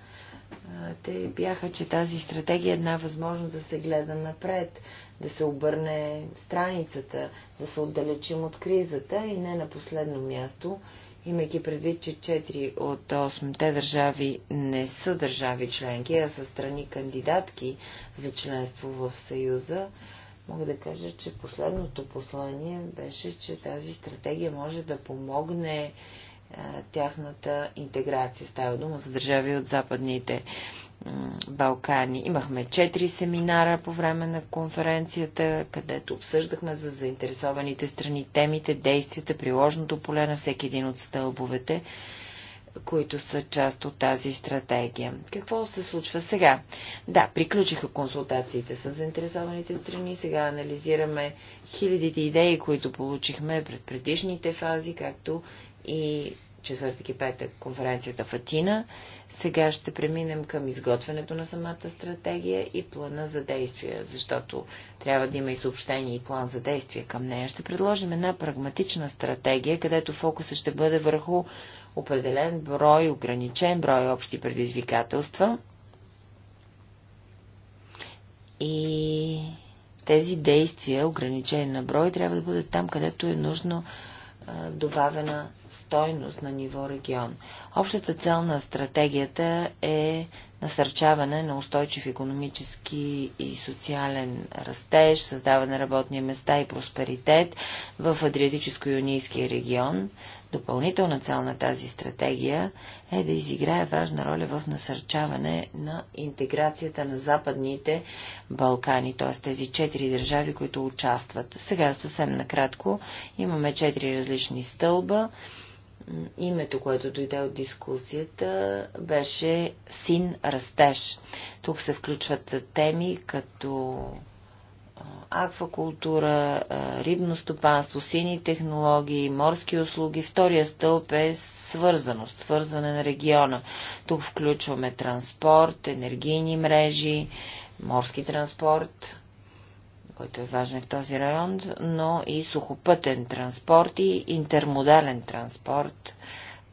S2: Те бяха, че тази стратегия е една възможност да се гледа напред, да се обърне страницата, да се отдалечим от кризата и не на последно място, имайки предвид, че 4 от 8-те държави не са държави членки, а са страни кандидатки за членство в Съюза, мога да кажа, че последното послание беше, че тази стратегия може да помогне е, тяхната интеграция. Става дума за държави от западните Балкани. Имахме четири семинара по време на конференцията, където обсъждахме за заинтересованите страни темите, действията, приложното поле на всеки един от стълбовете които са част от тази стратегия. Какво се случва сега? Да, приключиха консултациите с заинтересованите страни, сега анализираме хилядите идеи, които получихме пред предишните фази, както и четвъртък и петък конференцията в Атина. Сега ще преминем към изготвянето на самата стратегия и плана за действие, защото трябва да има и съобщение и план за действие към нея. Ще предложим една прагматична стратегия, където фокуса ще бъде върху определен брой, ограничен брой общи предизвикателства. И тези действия, ограничени на брой, трябва да бъдат там, където е нужно добавена стойност на ниво регион. Общата цел на стратегията е насърчаване на устойчив економически и социален растеж, създаване на работни места и просперитет в Адриатическо-юнийския регион, Допълнителна цел на тази стратегия е да изиграе важна роля в насърчаване на интеграцията на Западните Балкани, т.е. тези четири държави, които участват. Сега съвсем накратко имаме четири различни стълба. Името, което дойде от дискусията, беше Син Растеж. Тук се включват теми като аквакултура, рибно стопанство, сини технологии, морски услуги. Втория стълб е свързаност, свързване на региона. Тук включваме транспорт, енергийни мрежи, морски транспорт, който е важен в този район, но и сухопътен транспорт и интермодален транспорт.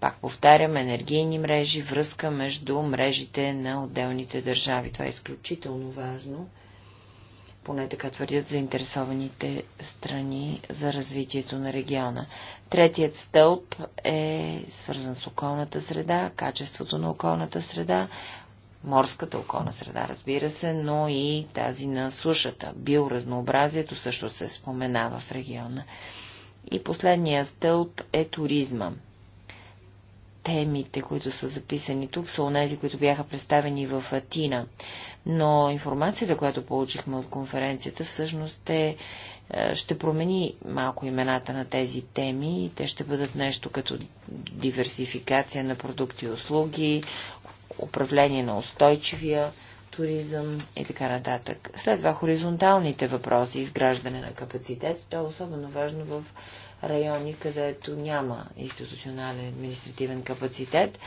S2: Пак повтарям, енергийни мрежи, връзка между мрежите на отделните държави. Това е изключително важно поне така твърдят заинтересованите страни за развитието на региона. Третият стълб е свързан с околната среда, качеството на околната среда, морската околна среда, разбира се, но и тази на сушата. Биоразнообразието също се споменава в региона. И последният стълб е туризма темите, които са записани тук, са онези, които бяха представени в Атина. Но информацията, която получихме от конференцията, всъщност е, е, ще промени малко имената на тези теми. Те ще бъдат нещо като диверсификация на продукти и услуги, управление на устойчивия туризъм и така нататък. След това хоризонталните въпроси, изграждане на капацитет, то е особено важно в райони, където няма институционален административен капацитет.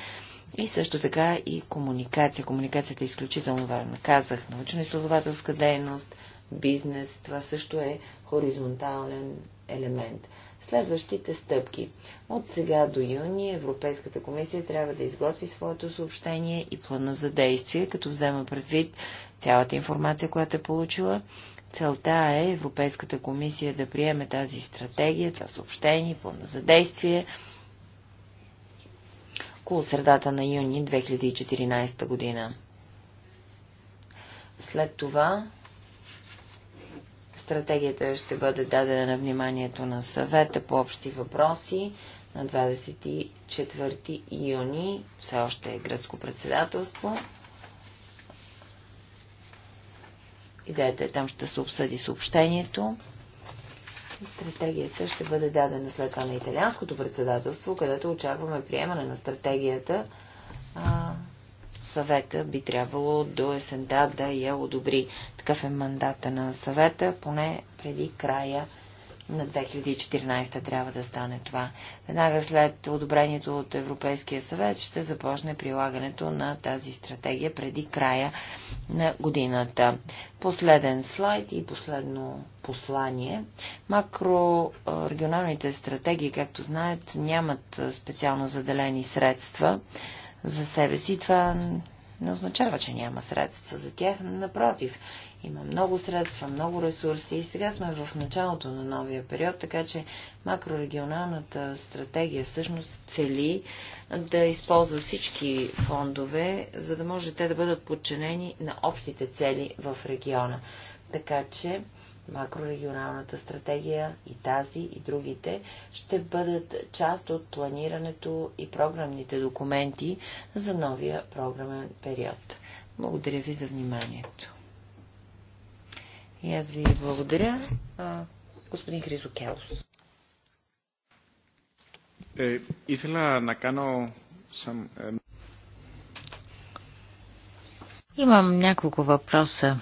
S2: И също така и комуникация. Комуникацията е изключително важна. Казах, научно-изследователска дейност, бизнес, това също е хоризонтален елемент. Следващите стъпки. От сега до юни Европейската комисия трябва да изготви своето съобщение и плана за действие, като взема предвид цялата информация, която е получила Целта е Европейската комисия да приеме тази стратегия, това съобщение, пълна за действие, около средата на юни 2014 година. След това стратегията ще бъде дадена на вниманието на съвета по общи въпроси на 24 юни, все още е гръцко председателство. Идеята е там ще се обсъди съобщението. И стратегията ще бъде дадена след това на италианското председателство, където очакваме приемане на стратегията. А, съвета би трябвало до есента да я одобри. Такъв е мандата на съвета, поне преди края на 2014 трябва да стане това. Веднага след одобрението от Европейския съвет ще започне прилагането на тази стратегия преди края на годината. Последен слайд и последно послание. Макрорегионалните стратегии, както знаят, нямат специално заделени средства за себе си. Това не означава, че няма средства за тях. Напротив, има много средства, много ресурси и сега сме в началото на новия период, така че макрорегионалната стратегия всъщност цели да използва всички фондове, за да може те да бъдат подчинени на общите цели в региона. Така че макрорегионалната стратегия и тази и другите ще бъдат част от планирането и програмните документи за новия програмен период. Благодаря ви за вниманието. И аз ви благодаря. господин
S1: Хризо Келос.
S2: Е, ήθελα να κάνω е,
S1: Имам няколко въпроса.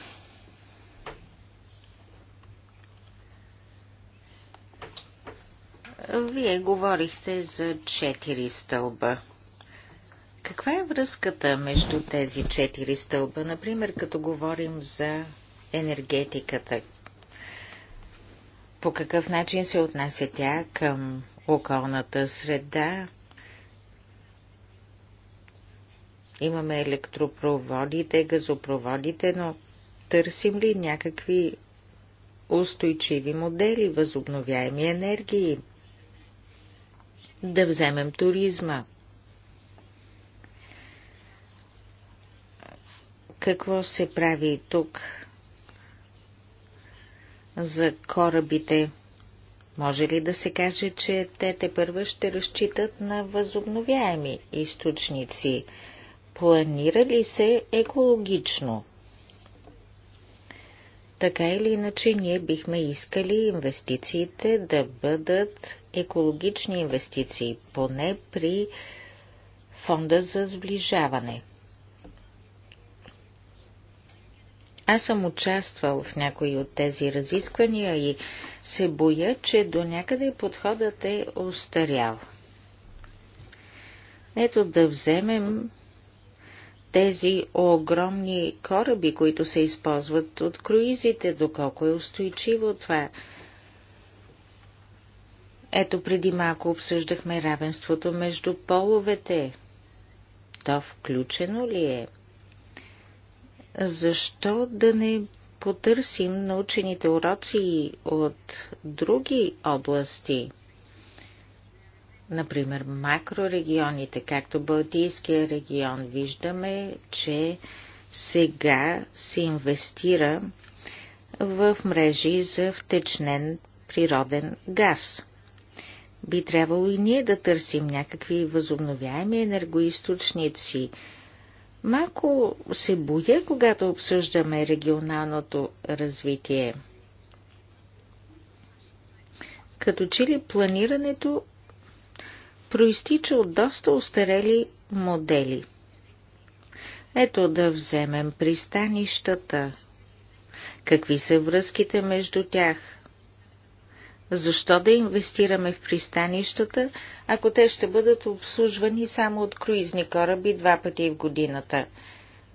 S1: Вие говорихте за четири стълба. Каква е връзката между тези четири стълба, например, като говорим за енергетиката. По какъв начин се отнася тя към околната среда? Имаме електропроводите, газопроводите, но търсим ли някакви устойчиви модели, възобновяеми енергии? Да вземем туризма. Какво се прави тук? за корабите. Може ли да се каже, че те те първа ще разчитат на възобновяеми източници? Планира ли се екологично? Така или иначе, ние бихме искали инвестициите да бъдат екологични инвестиции, поне при фонда за сближаване. Аз съм участвал в някои от тези разисквания и се боя, че до някъде подходът е остарял. Ето да вземем тези огромни кораби, които се използват от круизите, доколко е устойчиво това. Ето преди малко обсъждахме равенството между половете. То включено ли е? Защо да не потърсим научените уроци от други области? Например, макрорегионите, както Балтийския регион, виждаме, че сега се инвестира в мрежи за втечнен природен газ. Би трябвало и ние да търсим някакви възобновяеми енергоисточници – Малко се боя, когато обсъждаме регионалното развитие. Като че ли планирането проистича от доста устарели модели. Ето да вземем пристанищата. Какви са връзките между тях? Защо да инвестираме в пристанищата, ако те ще бъдат обслужвани само от круизни кораби два пъти в годината?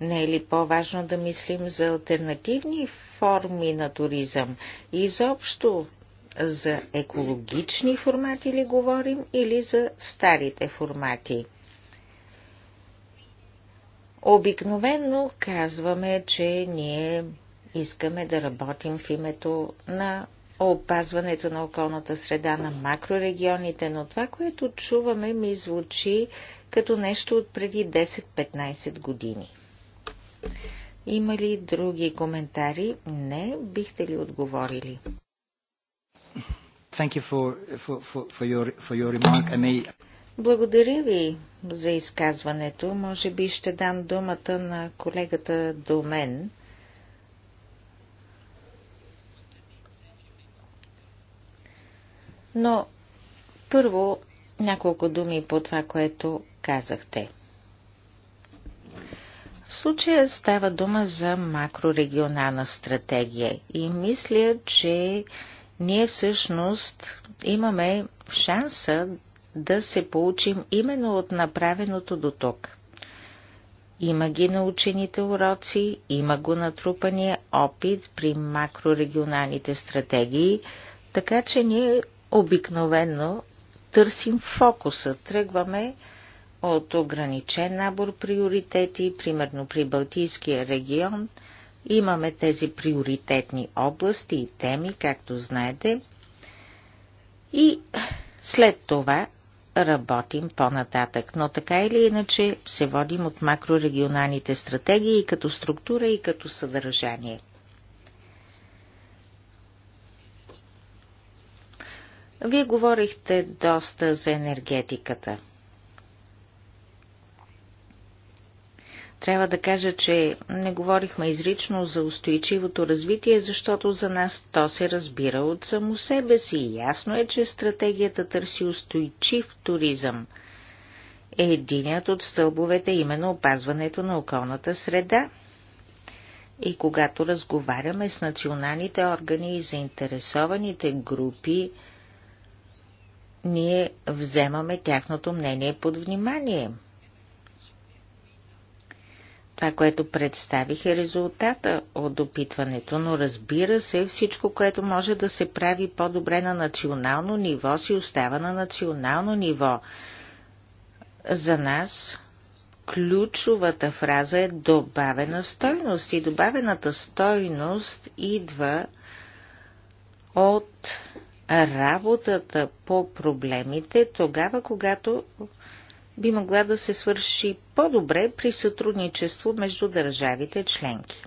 S1: Не е ли по-важно да мислим за альтернативни форми на туризъм? Изобщо за екологични формати ли говорим или за старите формати? Обикновенно казваме, че ние искаме да работим в името на опазването на околната среда на макрорегионите, но това, което чуваме, ми звучи като нещо от преди 10-15 години. Има ли други коментари? Не. Бихте ли отговорили?
S3: Thank you for, for, for, your, for your remark. I may...
S1: Благодаря ви за изказването. Може би ще дам думата на колегата до мен. Но първо няколко думи по това, което казахте. В случая става дума за макрорегионална стратегия и мисля, че ние всъщност имаме шанса да се получим именно от направеното до тук. Има ги научените уроци, има го натрупания опит при макрорегионалните стратегии, така че ние обикновено търсим фокуса. Тръгваме от ограничен набор приоритети, примерно при Балтийския регион имаме тези приоритетни области и теми, както знаете, и след това работим по-нататък. Но така или иначе се водим от макрорегионалните стратегии и като структура, и като съдържание. Вие говорихте доста за енергетиката. Трябва да кажа, че не говорихме изрично за устойчивото развитие, защото за нас то се разбира от само себе си. Ясно е, че стратегията търси устойчив туризъм. Единият от стълбовете е именно опазването на околната среда. И когато разговаряме с националните органи и заинтересованите групи, ние вземаме тяхното мнение под внимание. Това, което представих е резултата от допитването, но разбира се, всичко, което може да се прави по-добре на национално ниво, си остава на национално ниво. За нас ключовата фраза е добавена стойност и добавената стойност идва от работата по проблемите тогава, когато би могла да се свърши по-добре при сътрудничество между държавите членки.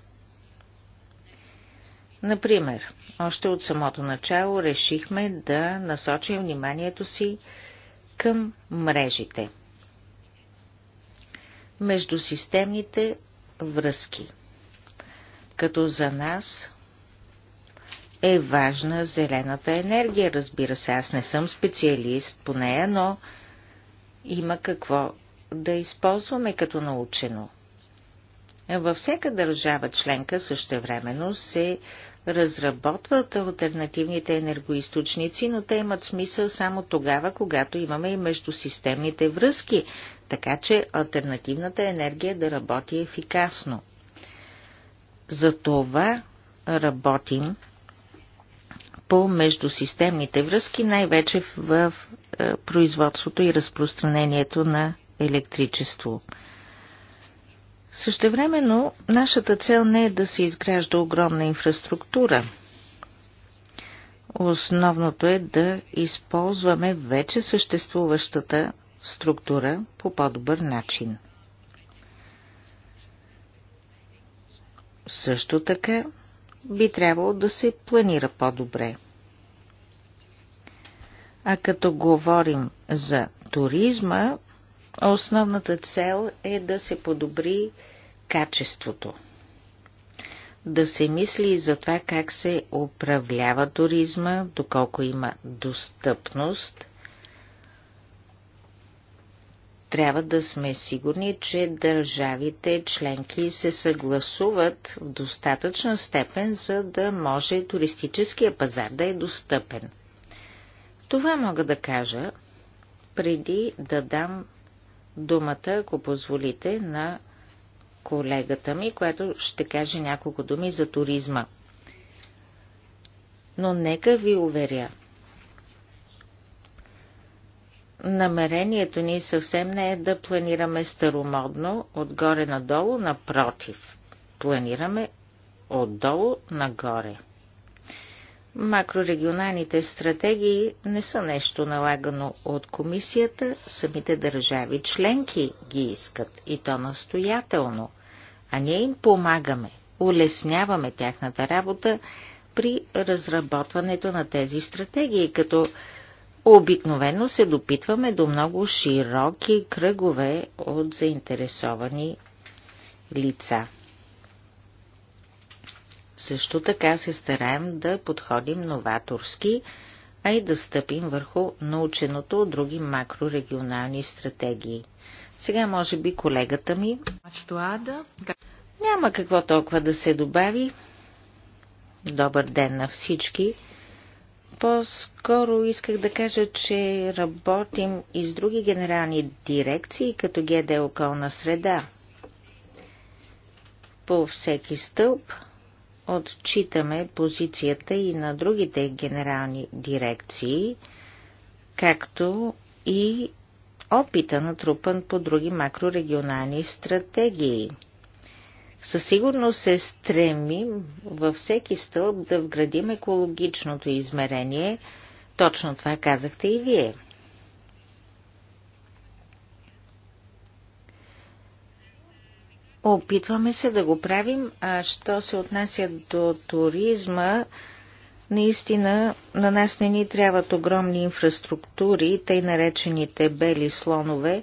S1: Например, още от самото начало решихме да насочим вниманието си към мрежите. Междусистемните връзки. Като за нас е важна зелената енергия. Разбира се, аз не съм специалист по нея, но има какво да използваме като научено. Във всяка държава членка същевременно се разработват альтернативните енергоисточници, но те имат смисъл само тогава, когато имаме и междусистемните връзки, така че альтернативната енергия да работи ефикасно. За това работим по междусистемните връзки, най-вече в е, производството и разпространението на електричество. Същевременно, нашата цел не е да се изгражда огромна инфраструктура. Основното е да използваме вече съществуващата структура по по-добър начин. Също така би трябвало да се планира по-добре. А като говорим за туризма, основната цел е да се подобри качеството. Да се мисли и за това как се управлява туризма, доколко има достъпност – трябва да сме сигурни, че държавите членки се съгласуват в достатъчна степен, за да може туристическия пазар да е достъпен. Това мога да кажа преди да дам думата, ако позволите, на колегата ми, която ще каже няколко думи за туризма. Но нека ви уверя, намерението ни съвсем не е да планираме старомодно отгоре надолу, напротив. Планираме отдолу нагоре. Макрорегионалните стратегии не са нещо налагано от комисията, самите държави членки ги искат и то настоятелно, а ние им помагаме, улесняваме тяхната работа при разработването на тези стратегии, като Обикновено се допитваме до много широки кръгове от заинтересовани лица. Също така се стараем да подходим новаторски, а и да стъпим върху наученото от други макрорегионални стратегии. Сега може би колегата ми... Няма какво толкова да се добави. Добър ден на всички! По-скоро исках да кажа, че работим и с други генерални дирекции, като ГД околна среда. По всеки стълб отчитаме позицията и на другите генерални дирекции, както и опита натрупан по други макрорегионални стратегии – със сигурност се стремим във всеки стълб да вградим екологичното измерение. Точно това казахте и вие. Опитваме се да го правим, а що се отнася до туризма, наистина на нас не ни трябват огромни инфраструктури, тъй наречените бели слонове,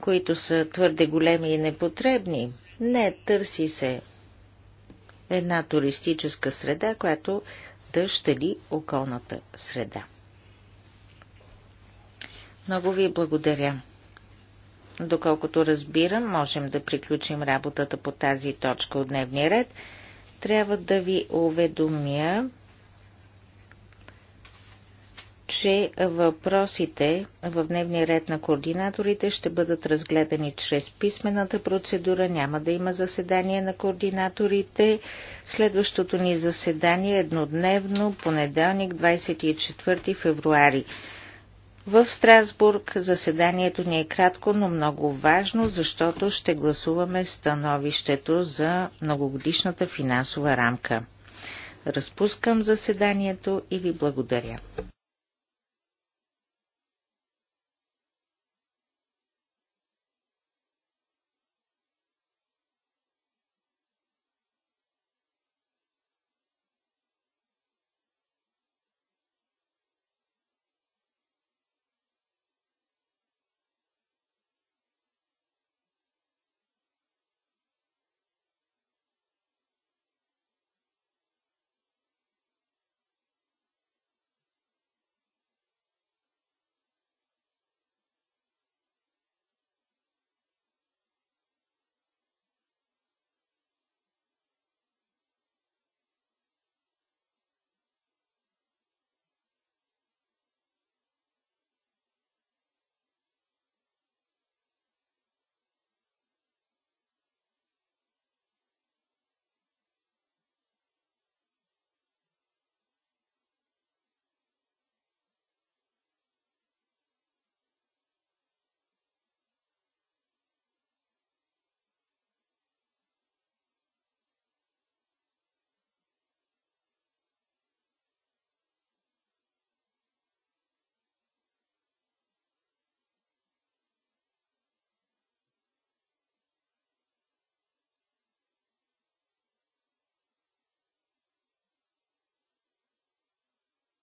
S1: които са твърде големи и непотребни. Не, търси се една туристическа среда, която да щели околната среда. Много ви благодаря. Доколкото разбирам, можем да приключим работата по тази точка от дневния ред. Трябва да ви уведомя, че въпросите в дневния ред на координаторите ще бъдат разгледани чрез писмената процедура. Няма да има заседание на координаторите. Следващото ни заседание е еднодневно, понеделник, 24 февруари. В Страсбург заседанието ни е кратко, но много важно, защото ще гласуваме становището за многогодишната финансова рамка. Разпускам заседанието и ви благодаря.